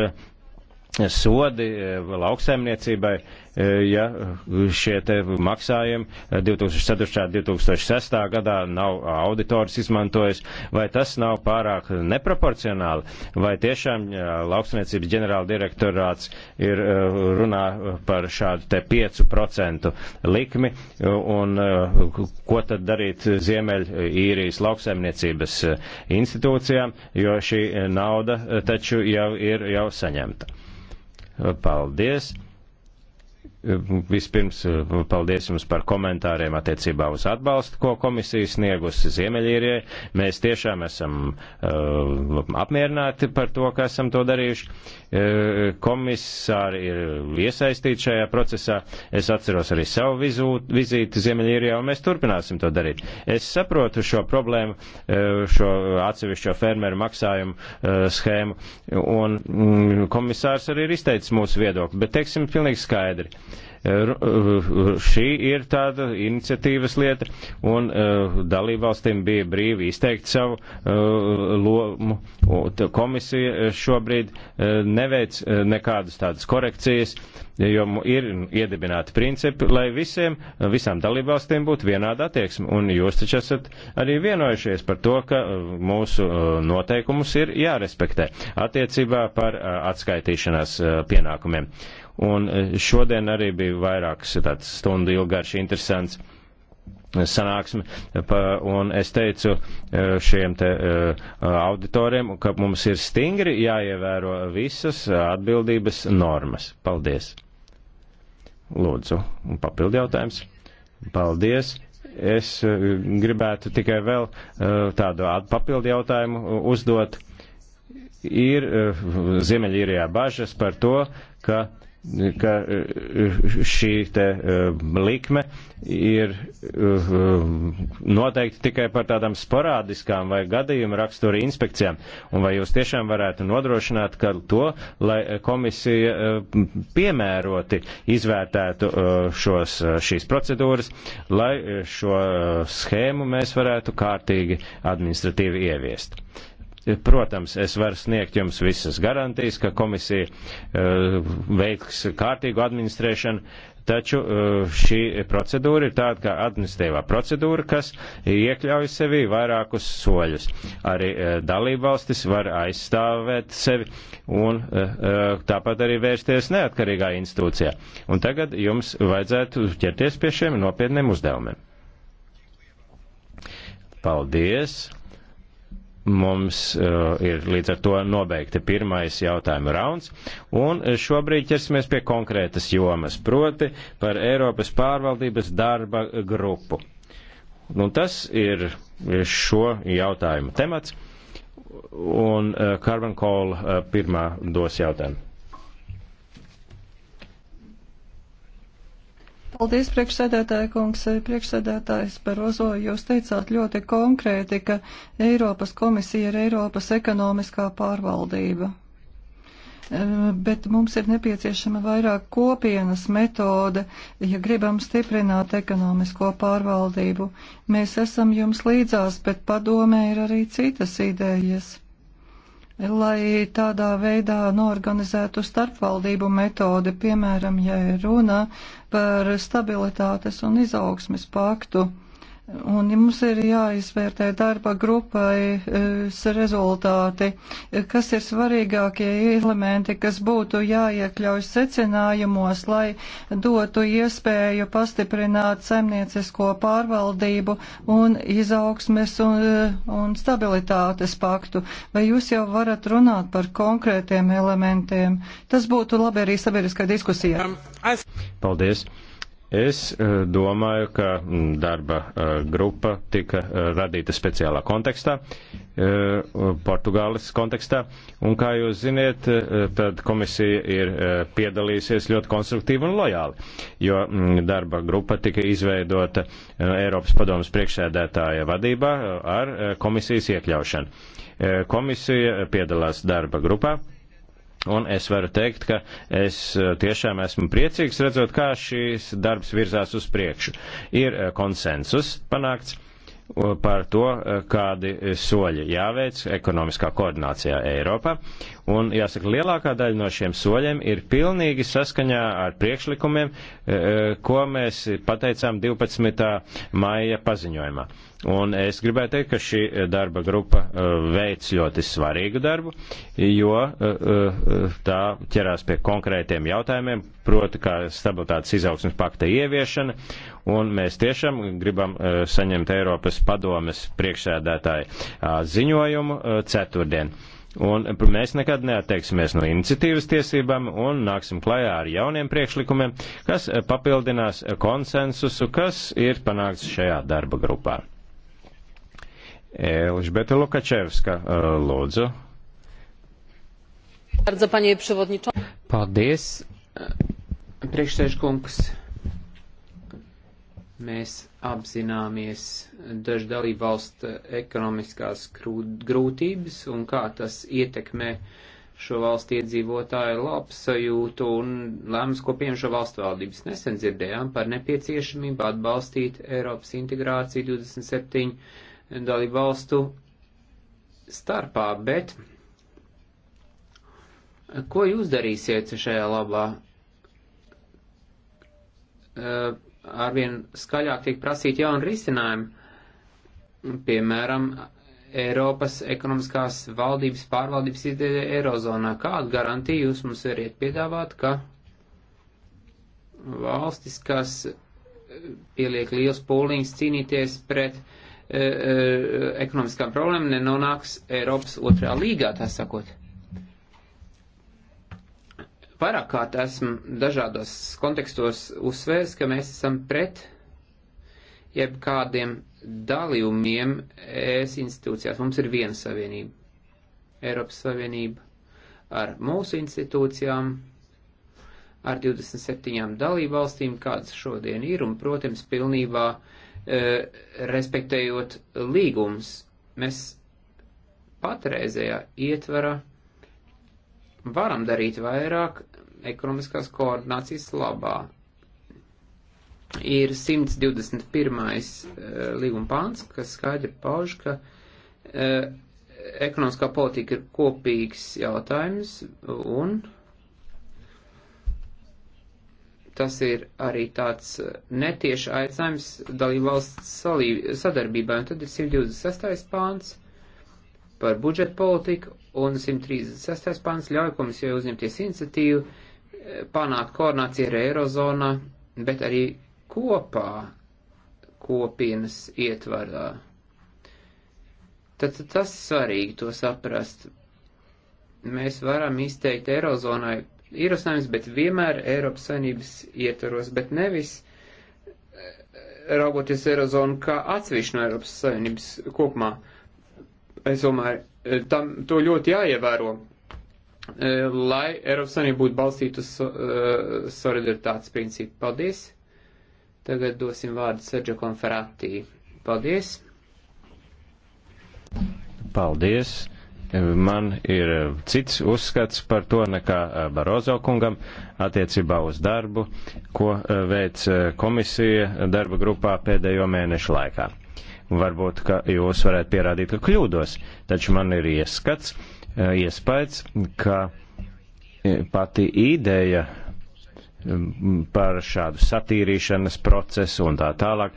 sodi eh, lauksaimniecībai, eh, ja eh, šie te maksājumi 2004. 2006. gadā nav auditors izmantojis, vai tas nav pārāk neproporcionāli, vai tiešām lauksaimniecības ģenerāla direktorāts ir runā par šādu te 5% likmi, un ko tad darīt Ziemeļ īrijas lauksaimniecības institūcijām, jo šī nauda taču jau ir jau saņemta. Paldies! Vispirms eh, paldies jums par komentāriem attiecībā uz atbalstu, ko komisija sniegusi Ziemeļīrijai. Mēs tiešām esam uh, apmierināti par to, ka esam to darījuši. Uh, komisāri ir iesaistīti šajā procesā. Es atceros arī savu vizū, vizīti Ziemeļīrijā, un mēs turpināsim to darīt. Es saprotu šo problēmu, uh, šo atsevišķo fermeru maksājumu uh, schēmu, un mm, komisārs arī ir izteicis mūsu viedokli, bet teiksim pilnīgi skaidri Uh, šī ir tāda iniciatīvas lieta, un uh, dalībvalstīm bija brīvi izteikt savu uh, lomu. Komisija šobrīd neveic nekādas tādas korekcijas, jo ir iedibināti principi, lai visiem, visām dalībvalstīm būtu vienāda attieksme, un jūs taču esat arī vienojušies par to, ka mūsu noteikumus ir jārespektē attiecībā par atskaitīšanās pienākumiem. Uh, Un e, šodien arī bija vairākas e, tāds stundu ilgarš interesants e, sanāksmi, un es teicu šiem te auditoriem, ka mums ir stingri jāievēro visas atbildības normas. Paldies! Lūdzu, un papildi jautājums. Paldies! Es gribētu tikai vēl tādu papildi jautājumu uzdot. Ir Ziemeļīrijā bažas par to, ka ka eh, šī te eh, likme ir eh, noteikti tikai par tādām sporādiskām vai gadījuma rakstura inspekcijām. Un vai jūs tiešām varētu nodrošināt, ka to, lai komisija piemēroti izvērtētu šos, šīs procedūras, lai šo schēmu mēs varētu kārtīgi administratīvi ieviest. Protams, es varu sniegt jums visas garantijas, ka komisija e, veiks kārtīgu administrēšanu, taču e, šī procedūra ir tāda kā administrēvā procedūra, kas iekļauj sevī vairākus soļus. Arī e, dalībvalstis var aizstāvēt sevi un tāpat arī vērsties neatkarīgā institūcijā. Un tagad jums vajadzētu ķerties pie šiem nopietniem uzdevumiem. Paldies! mums uh, ir līdz ar to nobeigti pirmais jautājuma rauns, un šobrīd ķersimies pie konkrētas jomas, proti par Eiropas pārvaldības darba grupu. Un nu, tas ir šo jautājumu temats, un uh, Carbon Call uh, pirmā dos jautājumu. Paldies, priekšsēdētāja kungs. Priekšsēdētājs Barozo, jūs teicāt ļoti konkrēti, ka Eiropas komisija ir Eiropas ekonomiskā pārvaldība eh, bet mums ir nepieciešama vairāk kopienas metode, ja gribam stiprināt ekonomisko pārvaldību. Mēs esam jums līdzās, bet padomē ir arī citas idejas lai tādā veidā norganizētu starpvaldību metodi, piemēram, ja ir runa par stabilitātes un izaugsmes paktu. Pa Un ja mums ir jāizvērtē darba grupai rezultāti, kas ir svarīgākie elementi, kas būtu jāiekļauj secinājumos, lai dotu iespēju pastiprināt saimniecisko pārvaldību un izaugsmes un, un stabilitātes paktu. Vai jūs jau varat runāt par konkrētiem elementiem? Tas būtu labi arī sabiedriskai diskusijai. Paldies! Es eh, domāju, ka mm, darba eh, grupa tika eh, radīta speciālā kontekstā, Portugāles kontekstā, un kā jūs ziniet, tad komisija ir piedalīsies ļoti konstruktīvi un lojāli, jo mm, darba grupa tika izveidota Eiropas padomas priekšsēdētāja vadībā ar komisijas iekļaušanu. Komisija piedalās darba grupā Un es varu teikt, ka es eh, tiešām esmu priecīgs redzot, kā šīs darbs virzās uz priekšu. Ir eh, konsensus panākts par to, eh, kādi soļi jāveic ekonomiskā koordinācijā Eiropā. Un jāsaka, lielākā daļa no šiem soļiem ir pilnīgi saskaņā ar priekšlikumiem, ko mēs pateicām 12. maija paziņojumā. Un es gribēju teikt, ka šī darba grupa uh, veic ļoti svarīgu darbu, jo uh, uh, tā ķerās pie konkrētiem jautājumiem, proti, kā stabilitātes izaugsmas pakta ieviešana, un mēs tiešām gribam saņemt Eiropas padomes priekšsēdētāju ziņojumu ceturtdien. Un mēs nekad neatteiksimies no iniciatīvas tiesībām un nāksim klajā ar jauniem priekšlikumiem, kas papildinās konsensusu, kas ir panākts šajā darba grupā. Elžbeta Lukačevska, lūdzu. Paldies, priekšsēžkungs. Mēs apzināmies dažu dalību valstu ekonomiskās grūtības un kā tas ietekmē šo valstu iedzīvotāju labsajūtu un lēmums, ko pieņem šo valstu valdības. Nesen dzirdējām par nepieciešamību atbalstīt Eiropas integrāciju 27 dalību valstu starpā, bet ko jūs darīsiet šajā labā? Eh, arvien skaļāk tiek prasīt jaunu risinājumu, piemēram, Eiropas ekonomiskās valdības pārvaldības ideja Eirozonā. Kādu garantiju jūs mums varat piedāvāt, ka valstis, kas pieliek liels pūliņus cīnīties pret uh, E, e, ekonomiskām problēmām nenonāks Eiropas otrajā līgā, tā sakot. Vairāk kārt esmu dažādos kontekstos uzsvērs, ka mēs esam pret jebkādiem dalījumiem ES institūcijās. Mums ir viena savienība. Eiropas Savienība ar mūsu institūcijām, ar 27 dalību valstīm, kādas šodien ir, un, protams, pilnībā uh, respektējot līgums. Mēs patreizējā ietvara varam darīt vairāk ekonomiskās koordinācijas labā. Ir 121. līguma pāns, kas skaidri pauž, ka ekonomiskā politika ir kopīgs jautājums un Tas ir arī tāds eh, netieši aicinājums dalību valsts sadarbībai, un tad ir 126. pāns par budžeta politiku, un 136. pāns ļauj komisijai uzņemties iniciatīvu, eh, panākt koordināciju ar Eirozonā, bet arī kopā kopienas ietvarā. Tad tas svarīgi to saprast. Mēs varam izteikt Eirozonai ierosinājums, bet vienmēr Eiropas saimnības ietvaros, bet nevis eh, raugoties Eirozonu kā atsevišķu no Eiropas saimnības kopumā. Es domāju, eh, tam to ļoti jāievēro, eh, lai Eiropas saimnība būtu balstīta uz uh, solidaritātes principu. Paldies! Tagad dosim vārdu Sergio Konferatī. Paldies! Paldies! man ir eh, cits uzskats par to nekā eh, Barozo kungam attiecībā uz darbu, ko eh, veic komisija darba grupā pēdējo mēnešu laikā. Varbūt, ka jūs varētu pierādīt, ka kļūdos, taču man ir ieskats, iespējas, ka pati ideja par šādu satīrīšanas procesu un tā tālāk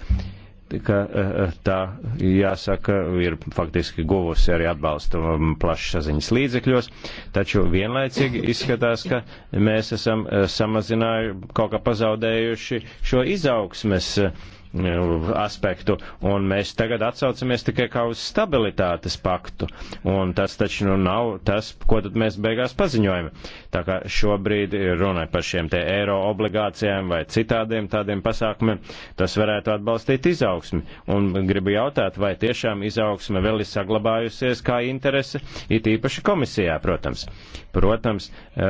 politika, eh, eh, tā jāsaka, ir faktiski guvusi arī atbalstu um, plašsaziņas līdzekļos, taču vienlaicīgi izskatās, ka mēs esam eh, samazinājuši, kaut kā pazaudējuši šo izaugsmes aspektu, un mēs tagad atsaucamies tikai kā uz stabilitātes paktu, un tas taču nu nav tas, ko tad mēs beigās paziņojam. Tā kā šobrīd runa par šiem te eiro obligācijām vai citādiem tādiem pasākumiem, tas varētu atbalstīt izaugsmi, un gribu jautāt, vai tiešām izaugsme vēl ir saglabājusies kā interese, it īpaši komisijā, protams. Protams, e,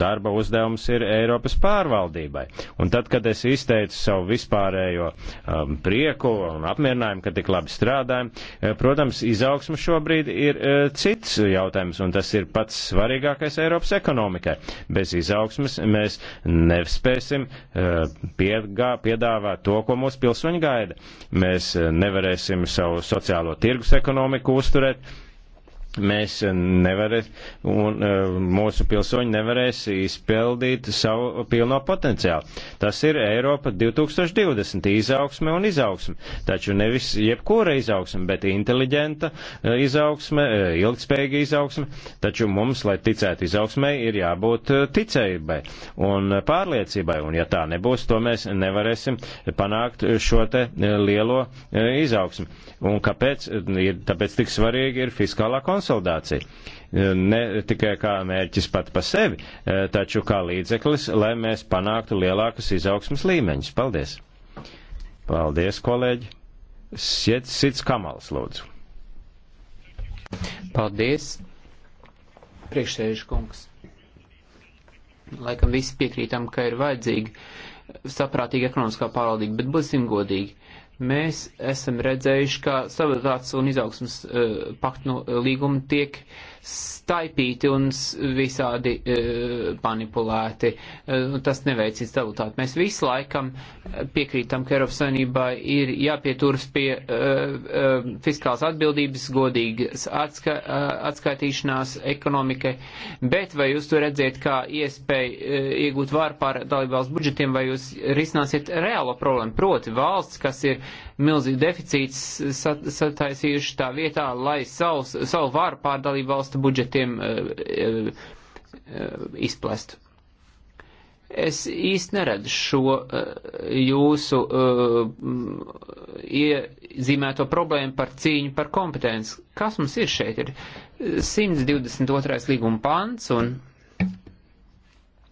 darba uzdevums ir Eiropas pārvaldībai, un tad, kad es izteicu savu vispārējo um, prieku un apmierinājumu, ka tik labi strādājam. Uh, protams, izaugsmu šobrīd ir uh, cits jautājums, un tas ir pats svarīgākais Eiropas ekonomikai. Bez izaugsmas mēs nespēsim uh, piegā, piedāvāt to, ko mūsu pilsoņi gaida. Mēs uh, nevarēsim savu sociālo tirgus ekonomiku uzturēt mēs nevarēs, un e, mūsu pilsoņi nevarēs izpildīt savu pilno potenciālu. Tas ir Eiropa 2020 izaugsme un izaugsme. Taču nevis jebkura izaugsme, bet inteliģenta e, izaugsme, e, ilgspējīga izaugsme. Taču mums, lai ticētu izaugsmai, ir jābūt ticējubai un pārliecībai, un ja tā nebūs, to mēs nevarēsim panākt šo te lielo izaugsmi. Un kāpēc ir, tāpēc tik svarīgi ir fiskālā konsultācija? konsolidācija. E, ne tikai kā mērķis pat pa sevi, e, taču kā līdzeklis, lai mēs panāktu lielākas izaugsmas līmeņus. Paldies! Paldies, kolēģi! Sits Kamals, lūdzu! Paldies, priekšsēžu kungs! Laikam visi piekrītam, ka ir vajadzīga saprātīga ekonomiskā pārvaldība, bet būsim godīgi. Uh, Mēs esam redzējuši, ka stabilitātes un izaugsmas uh, paktu no, uh, eh, līgumi tiek uh, staipīti un visādi uh, manipulēti. Uh, tas neveicīs rezultātu. Mēs visu laikam e, piekrītam, ka Eiropas Savienībai ir jāpieturas pie uh, uh, fiskālas atbildības, godīgas atska, uh, atskaitīšanās ekonomikai, bet vai jūs to redzēt kā iespēju uh, iegūt varu pār dalībvalsts budžetiem, vai jūs risināsiet reālo problēmu? Proti valsts, kas ir uh, milzīgi deficīts sataisījuši tā vietā, lai savus, savu varu pārdalību valstu budžetiem e, e, e, izplest. Es īsti neredzu šo jūsu iezīmēto problēmu par cīņu par kompetenci. Kas mums ir šeit? Ir 122. līguma pants un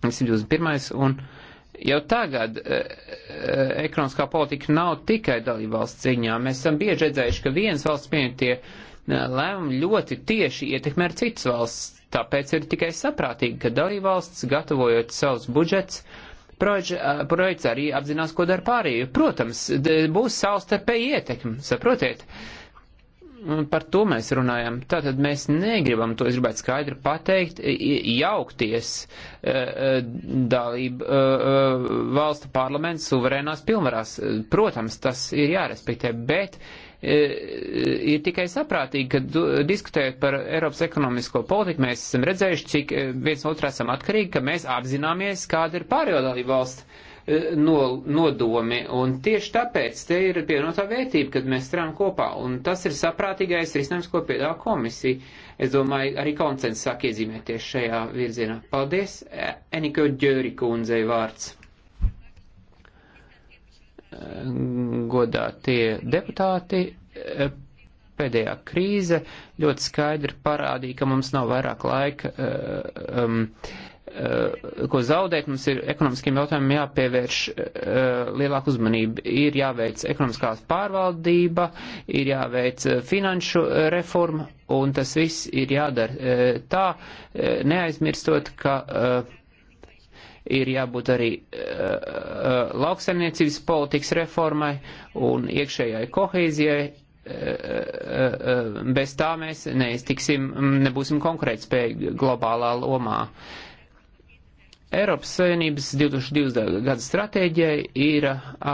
121. un Jau tagad e, e, ekonomiskā politika nav tikai dalībvalsts ziņā. Mēs esam bieži redzējuši, ka vienas valsts pieņemtie e, lēmumi ļoti tieši ietekmē ar citas valsts. Tāpēc ir tikai saprātīgi, ka dalībvalsts, gatavojot savus budžets, projekts arī apzinās, ko dara pārējie. Protams, būs savstarpēji ietekmi, saprotiet? Uh, par to mēs runājam. Tātad mēs negribam, to es gribētu skaidri pateikt, jaukties e, e, dalību e, valstu parlamentu suverēnās pilnvarās. Protams, tas ir jārespektē, bet ir tikai saprātīgi, ka diskutējot par Eiropas ekonomisko politiku, mēs esam redzējuši, cik viens no otrā esam atkarīgi, ka mēs apzināmies, kāda ir pārējo dalību valsts E, no, nodomi. Un tieši tāpēc te ir pievienotā vērtība, kad mēs strādājam kopā. Un tas ir saprātīgais risinājums, ko piedāvā komisija. Es domāju, arī koncents sāk iezīmēties šajā virzienā. Paldies, e, Eniko Ģöri kundzei vārds. E, Godā tie deputāti. Pēdējā krīze ļoti skaidri parādīja, ka mums nav vairāk laika. Uh, um, uh, Eh, ko zaudēt, mums ir ekonomiskiem jautājumiem jāpievērš uh, eh, lielāku uzmanību. Ir jāveic ekonomiskās pārvaldība, ir jāveic eh, finanšu reforma, un tas viss ir jādara uh, tā, neaizmirstot, ka uh, ir jābūt arī lauksaimniecības politikas reformai un iekšējai koheizijai, bez tā mēs neiztiksim, mm, nebūsim konkurētspējīgi globālā lomā. Eiropas Savienības 2020. gada stratēģijai ir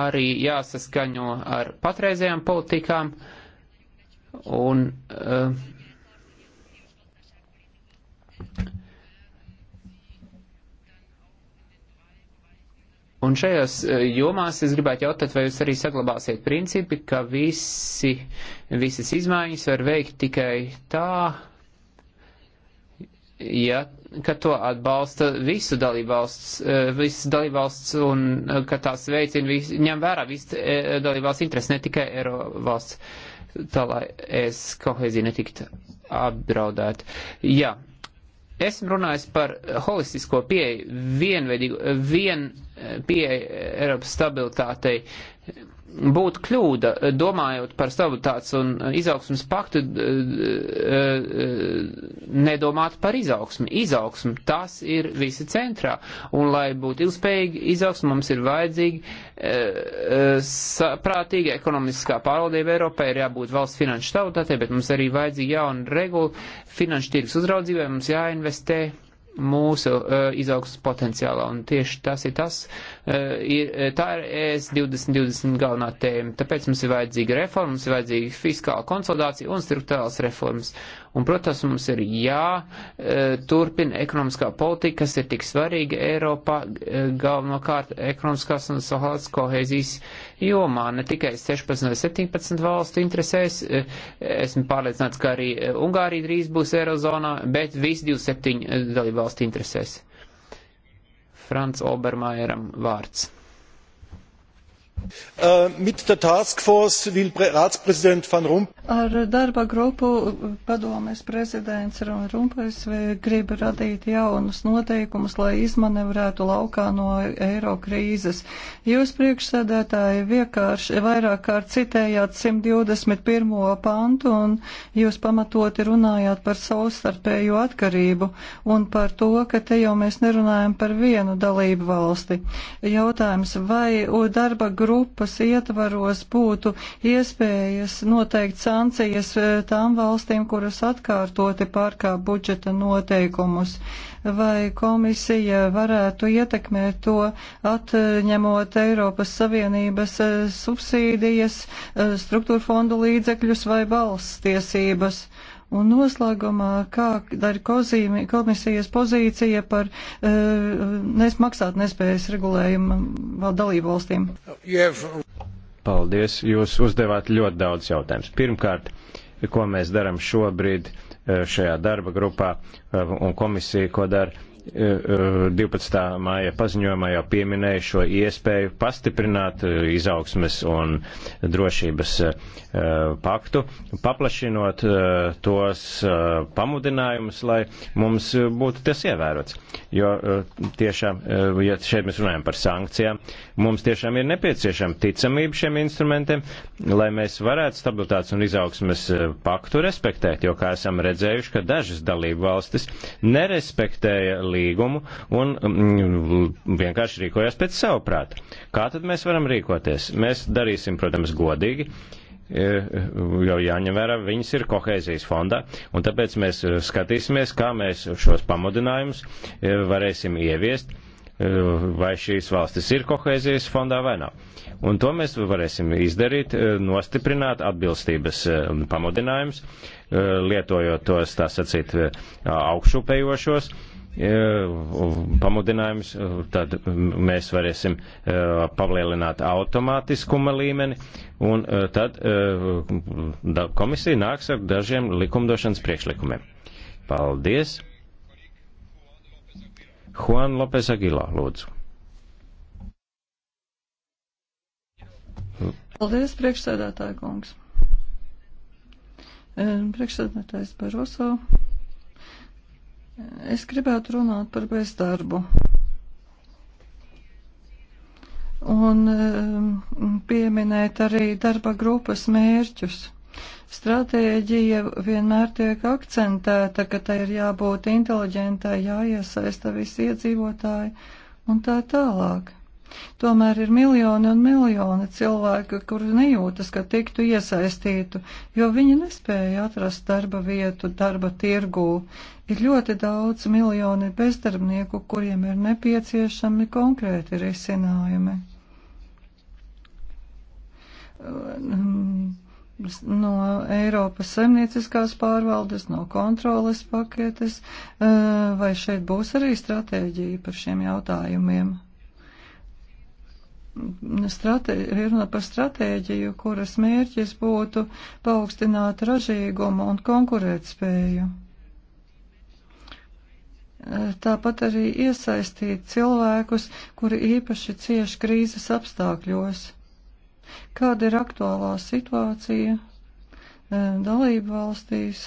arī jāsaskaņo ar patreizējām politikām un uh, Un šajās eh, jomās es gribētu jautāt, vai jūs arī saglabāsiet principi, ka visi, visas izmaiņas var veikt tikai tā, ja, ka to atbalsta visu dalībvalsts, eh, visas dalībvalsts un eh, ka tās veicina, vis, ņem vērā visu eh, dalībvalsts interesi, ne tikai Eiro valsts, tā lai es kohēzija netiktu apdraudēt. Jā, esmu runājis par holistisko pieeju, vienveidīgu, vien pieeju Eiropas stabilitātei būtu kļūda, eh, domājot par stabilitātes un eh, izaugsmas paktu, eh, nedomāt par izaugsmu. Izaugsmu tas ir visi centrā, un lai būtu ilgspējīgi izaugsmu, mums ir vajadzīga prātīga ekonomiskā pārvaldība Eiropā, ir jābūt valsts finanšu stabilitātei, bet mums arī vajadzīga jauna regula finanšu tirgus uzraudzībai, mums jāinvestē mūsu uh, izaugsmas potenciālā. Un tieši tas ir tas, uh, ir, eh, tā ir ES 2020 galvenā tēma. Tāpēc mums ir vajadzīga reforma, mums ir vajadzīga fiskāla konsolidācija un struktūrāls reformas. Un, protams, mums ir jāturpina uh, ekonomiskā politika, kas ir tik svarīga Eiropā, uh, galvenokārt ekonomiskās un sociālās kohēzijas jomā, ne tikai 16 vai 17 valstu interesēs, e, esmu pārliecināts, ka arī e, Ungārija drīz būs Eirozonā, bet visi 27 e, dalību valstu interesēs. Franz Obermaieram vārds. Uh, mit der Taskforce will Ratspräsident Van Rompuy Ar darba grupu padomēs prezidents Rumpais grib radīt jaunus noteikumus, lai izmanevrētu laukā no eiro krīzes. Jūs priekšsēdētāji vienkārši vairāk kārt citējāt 121. pantu un jūs pamatoti runājāt par savstarpēju atkarību un par to, ka te jau mēs nerunājam par vienu dalību valsti. Jautājums, vai darba grupas ietvaros būtu iespējas noteikt sankcijas? sankcijas eh, tām valstīm, kuras atkārtoti pārkāp budžeta noteikumus. Vai komisija varētu ietekmēt to, atņemot Eiropas Savienības eh, subsīdijas, eh, struktūrfondu līdzekļus vai balsts tiesības? Un noslēgumā, kāda ir komisijas pozīcija par uh, nesmaksāt nespējas regulējumu vēl dalību valstīm? Paldies, jūs uzdevāt ļoti daudz jautājumus. Pirmkārt, ko mēs darām šobrīd eh, šajā darba grupā eh, un komisija, ko dara 12. E, e, māja paziņojumā jau pieminēja šo iespēju pastiprināt e, izaugsmes un drošības paktu, paplašinot tos pamudinājumus, lai mums būtu tas ievērots. Jo tiešām, ja šeit mēs runājam par sankcijām, mums tiešām ir nepieciešama ticamība šiem instrumentiem, lai mēs varētu stabilitātes un izaugsmes paktu respektēt, jo, kā esam redzējuši, ka dažas dalību valstis nerespektēja līgumu un mm, vienkārši rīkojas pēc savu prātu. Kā tad mēs varam rīkoties? Mēs darīsim, protams, godīgi e, jau jāņem vērā, viņas ir kohēzijas fondā, un tāpēc mēs e, skatīsimies, kā mēs šos pamudinājumus e, varēsim ieviest, vai šīs valstis ir kohēzijas fondā vai nav. Un to mēs varēsim izdarīt, nostiprināt atbilstības pamudinājumus, lietojot tos, tā sacīt, augšupējošos pamudinājums, tad mēs varēsim e, palielināt automātiskuma līmeni, un e, tad e, komisija nāks ar dažiem likumdošanas priekšlikumiem. Paldies! Juan Lopes Aguilā, lūdzu. Paldies, priekšsēdētāja kungs. Priekšsēdētājs Baroso. Es gribētu runāt par bezdarbu. Un um, pieminēt arī darba grupas mērķus. Stratēģija vienmēr tiek akcentēta, ka tai ir jābūt inteliģentai, jāiesaista visi iedzīvotāji un tā tālāk. Tomēr ir miljoni un miljoni cilvēku, kuri nejūtas, ka tiktu iesaistītu, jo viņi nespēja atrast darba vietu darba tirgū. Ir ļoti daudz miljoni bezdarbnieku, kuriem ir nepieciešami konkrēti risinājumi. Um, no Eiropas saimnieciskās pārvaldes, no kontroles paketes, ehm, vai šeit būs arī stratēģija par šiem jautājumiem? Strate, runa par stratēģiju, kuras mērķis būtu paaugstināt ražīgumu un konkurētspēju. Tāpat arī iesaistīt cilvēkus, kuri īpaši cieši krīzes apstākļos. Kāda ir aktuālā situācija eh, dalību valstīs?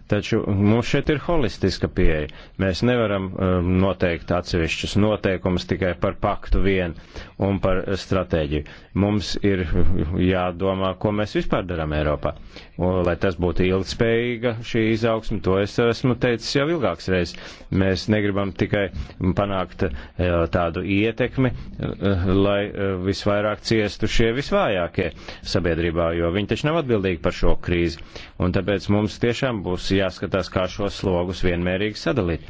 Taču mums šeit ir holistiska pieeja. Mēs nevaram um, noteikt atsevišķus noteikumus tikai par paktu vien un par stratēģiju. Mums ir jādomā, ko mēs vispār darām Eiropā. Un, lai tas būtu ilgspējīga šī izaugsme, to es esmu teicis jau ilgāks reizes. Mēs negribam tikai panākt uh, tādu ietekmi, uh, lai uh, visvairāk ciestu šie visvājākie sabiedrībā, jo viņi taču nav atbildīgi par šo krīzi. Un tāpēc mums tiešām būs jā jāskatās, kā šos slogus vienmērīgi sadalīt.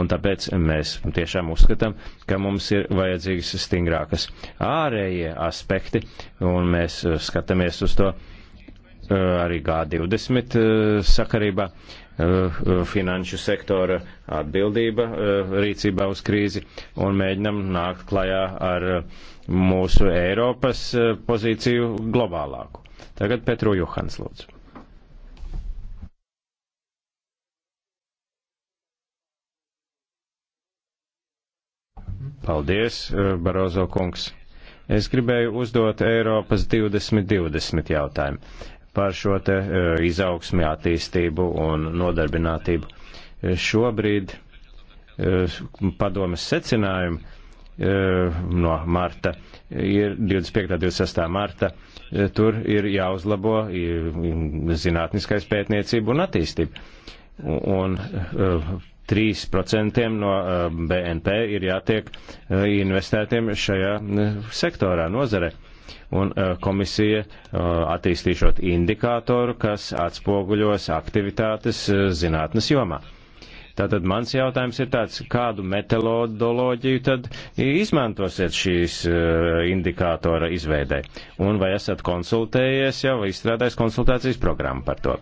Un tāpēc mēs tiešām uzskatām, ka mums ir vajadzīgas stingrākas ārējie aspekti, un mēs uh, skatāmies uz to uh, arī G20 uh, sakarībā finanšu sektora atbildība rīcībā uz krīzi un mēģinam nākt klajā ar mūsu Eiropas pozīciju globālāku. Tagad Petru Johans lūdzu. Paldies, eh, Barozo kungs. Es gribēju uzdot Eiropas 2020 jautājumu par šo te eh, izaugsmi, attīstību un nodarbinātību. Eh, šobrīd padomas secinājumi no marta ir 25. 26. marta. Tur ir jāuzlabo zinātniskais pētniecība un attīstība. Un 3% no eh, BNP ir jātiek eh, investētiem šajā sektorā, nozare. Un eh, komisija attīstīšot indikātoru, kas atspoguļos aktivitātes zinātnes jomā. Tātad mans jautājums ir tāds, kādu metodoloģiju tad izmantosiet šīs e, indikātora izveidē? Un vai esat konsultējies jau, izstrādājis konsultācijas programmu par to?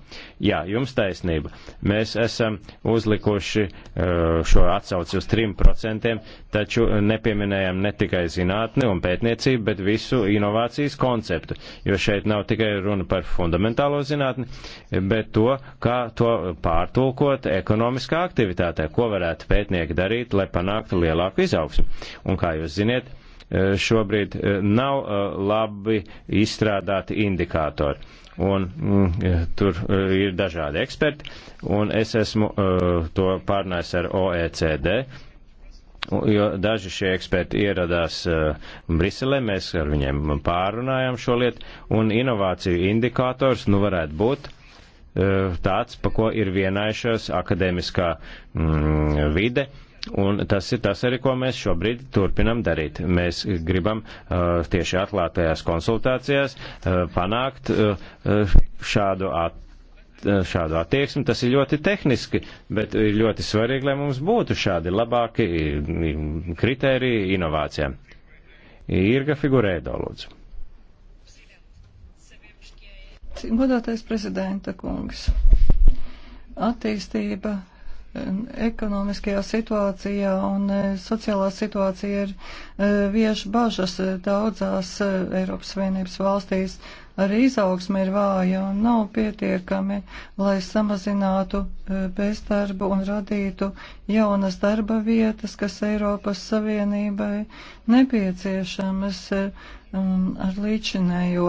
Jā, jums taisnība. Mēs esam uzlikuši e, šo atsauci uz 3%, taču nepieminējam ne tikai zinātni un pētniecību, bet visu inovācijas konceptu, jo šeit nav tikai runa par fundamentālo zinātni, bet to, kā to pārtulkot ekonomiskā aktivitāte aktivitātē, ko varētu pētnieki darīt, lai panāktu lielāku izaugsmu. Un kā jūs ziniet, e, šobrīd e, nav e, labi izstrādāti indikātori. Un mm, tur ir dažādi eksperti, un es esmu uh, to pārnājis ar OECD, jo daži šie eksperti ieradās uh, Briselē, mēs ar viņiem pārunājām šo lietu, un inovāciju indikators, nu, varētu būt uh, Eh, tāds, pa ko ir vienājušās akadēmiskā mm, vide. Un tas ir tas arī, ko mēs šobrīd turpinam darīt. Mēs gribam uh, tieši atklātajās konsultācijās uh, panākt uh, šādu, at, šādu attieksmi. Tas ir ļoti tehniski, bet ir ļoti svarīgi, lai mums būtu šādi labāki mm, kritēriji inovācijām. Irga figurēdo, lūdzu. Godātais prezidenta kungs, attīstība um, ekonomiskajā situācijā un uh, sociālā situācija ir uh, vieši bažas uh, daudzās Eiropas Savienības valstīs. Arī izaugsme ir vāja un nav pietiekami, lai samazinātu bezdarbu un radītu jaunas darba vietas, kas Eiropas Savienībai nepieciešamas um, ar līdzinējo.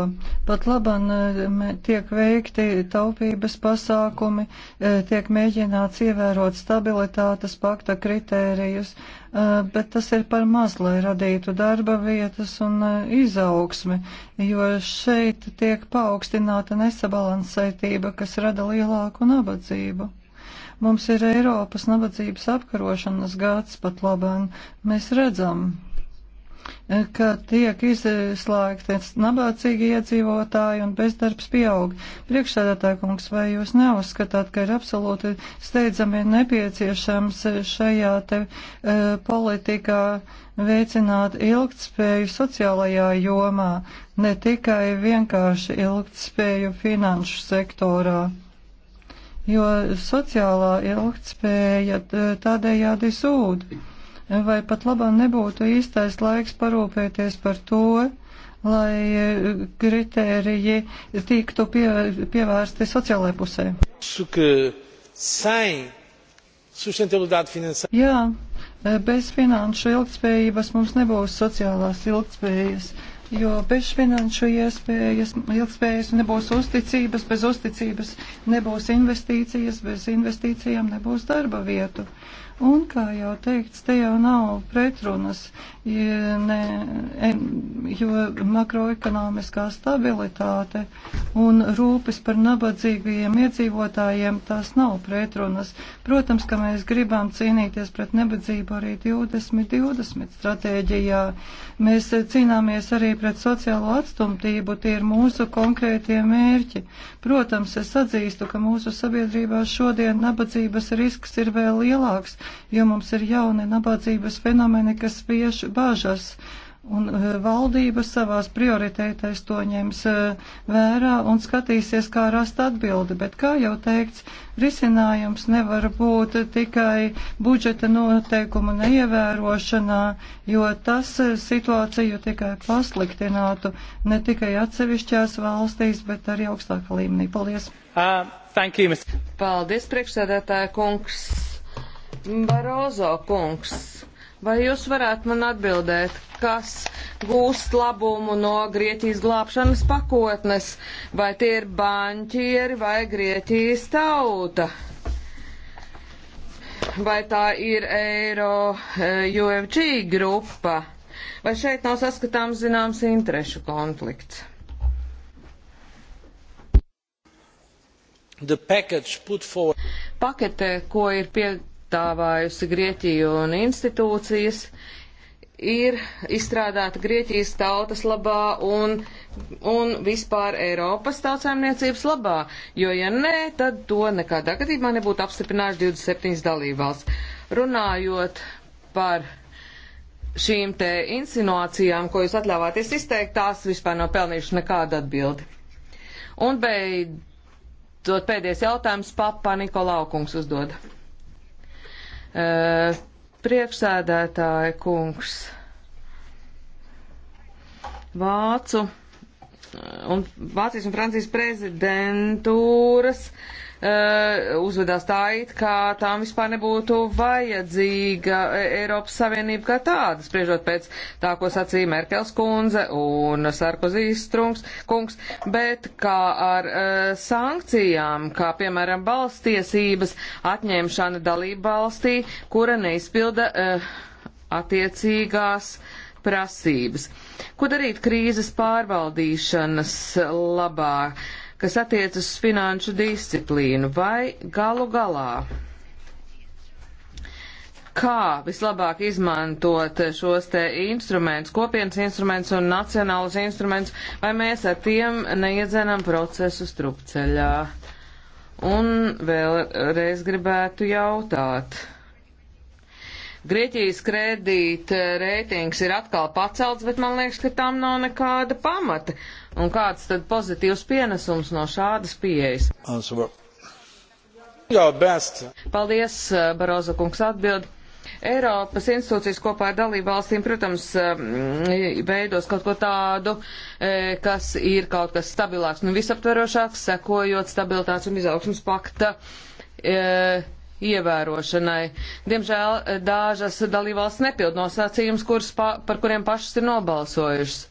Pat laban e, tiek veikti taupības pasākumi, e, tiek mēģināts ievērot stabilitātes pakta kritērijus, e, bet tas ir par maz, lai radītu darba vietas un izaugsmi, jo šeit tiek paaugstināta nesabalansētība, kas rada lielāku nabadzību. Mums ir Eiropas nabadzības apkarošanas gads pat labāk. Mēs redzam, ka tiek izslēgti nabācīgi iedzīvotāji un bezdarbs pieaug. Priekšsēdētāja kungs, vai jūs neuzskatāt, ka ir absolūti steidzami nepieciešams šajā te uh, politikā veicināt ilgtspēju sociālajā jomā, ne tikai vienkārši ilgtspēju finanšu sektorā? Jo sociālā ilgtspēja tādējādi zūd vai pat labā nebūtu īstais laiks parūpēties par to, lai eh, kritēriji tiktu pie, pievērsti sociālai pusē. Jā, eh, bez finanšu ilgspējības mums nebūs sociālās ilgspējas jo bez finanšu iespējas, ilgspējas nebūs uzticības, bez uzticības nebūs investīcijas, bez investīcijām nebūs darba vietu. Uh, Un, kā jau teikts, te jau nav pretrunas ne, jo makroekonomiskā stabilitāte un rūpes par nabadzīgajiem iedzīvotājiem tās nav pretrunas. Protams, ka mēs gribam cīnīties pret nabadzību arī 2020 stratēģijā. Mēs cīnāmies arī pret sociālo atstumtību, tie ir mūsu konkrētie mērķi. Protams, es atzīstu, ka mūsu sabiedrībā šodien nabadzības risks ir vēl lielāks, jo mums ir jauni nabadzības fenomeni, kas spiež bažas. Un eh, valdība savās prioritētais to ņems eh, vērā un skatīsies, kā rast atbildi. Bet, kā jau teikts, risinājums nevar būt tikai budžeta noteikumu neievērošanā, jo tas eh, situāciju tikai pasliktinātu ne tikai atsevišķās valstīs, bet arī augstāka līmenī. Paldies! Uh, thank you, Mr. Paldies, priekšsēdētāja kungs! Barozo kungs! Vai jūs varētu man atbildēt, kas gūst labumu no Grieķijas glābšanas pakotnes? Vai tie ir banķieri vai Grieķijas tauta? Vai tā ir Eiro e, UFG grupa? Vai šeit nav saskatāms zināms interešu konflikts? Pakete, ko ir pie pārstāvājusi Grieķiju un institūcijas, ir izstrādāta Grieķijas tautas labā un, un vispār Eiropas tautsēmniecības labā, jo ja nē, tad to nekādā gadījumā nebūtu apstiprinājuši 27 dalībvalsts. Runājot par šīm te insinuācijām, ko jūs atļāvāties izteikt, tās vispār nav pelnījušas nekādu atbildi. Un beidzot pēdējais jautājums papa Nikolau kungs uzdod. Eh, priekšsēdētāja kungs Vācu eh, un Vācijas un Francijas prezidentūras uh, Eh, uzvedās tā, it kā tām vispār nebūtu vajadzīga eh, Eiropas Savienība kā tāda, spriežot pēc tā, ko sacīja Merkels kundze un Sarkozīs trunks, kungs, bet kā ar eh, sankcijām, kā piemēram balstiesības atņemšana dalība valstī, kura neizpilda attiecīgās prasības. Ko darīt krīzes pārvaldīšanas labā? kas attiecas uz finanšu disciplīnu, vai galu galā, kā vislabāk izmantot šos te instrumentus, kopienas instrumentus un nacionālus instrumentus, vai mēs ar tiem neiedzenam procesu strupceļā. Un vēlreiz gribētu jautāt. Grieķijas kredīta eh, reitings ir atkal pacelts, bet man liekas, ka tam nav nekāda pamata. Un kāds tad pozitīvs pienesums no šādas pieejas? Paldies, eh, Barozo kungs atbild. Eiropas institūcijas kopā ar dalību valstīm, protams, eh, veidos kaut ko tādu, kas ir kaut kas stabilāks un visaptverošāks, sekojot stabilitātes un izaugsmas pakta ievērošanai. Diemžēl eh, dažas dalībvalsts nepild nosacījumus, par kuriem pašas ir nobalsojušas.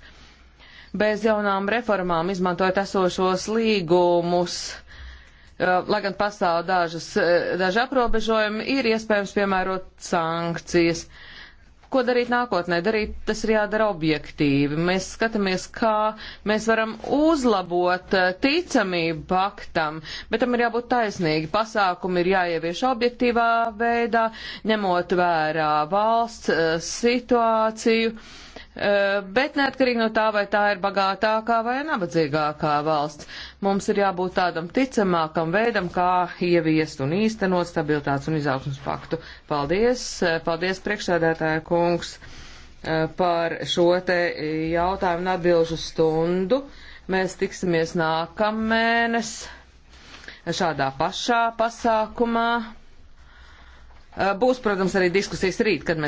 Bez jaunām reformām izmantojot esošos līgumus, eh, lai gan pastāv dažas, eh, daži aprobežojumi, ir iespējams piemērot sankcijas. Uh, ko darīt nākotnē. Darīt tas ir jādara objektīvi. Mēs skatāmies, kā mēs varam uzlabot eh, ticamību paktam, bet tam ir jābūt taisnīgi. Pasākumi ir jāievieš objektīvā veidā, ņemot vērā valsts eh, situāciju. Uh, Eh, bet neatkarīgi no tā, vai tā ir bagātākā vai nabadzīgākā valsts, mums ir jābūt tādam ticamākam veidam, kā ieviest un īstenot stabilitātes un izaugsmas paktu. Paldies, eh, paldies priekšsēdētāja kungs eh, par šo te jautājumu un atbilžu stundu. Mēs tiksimies nākamēnes šādā pašā pasākumā. Būs, protams, arī diskusijas rīt, kad mēs.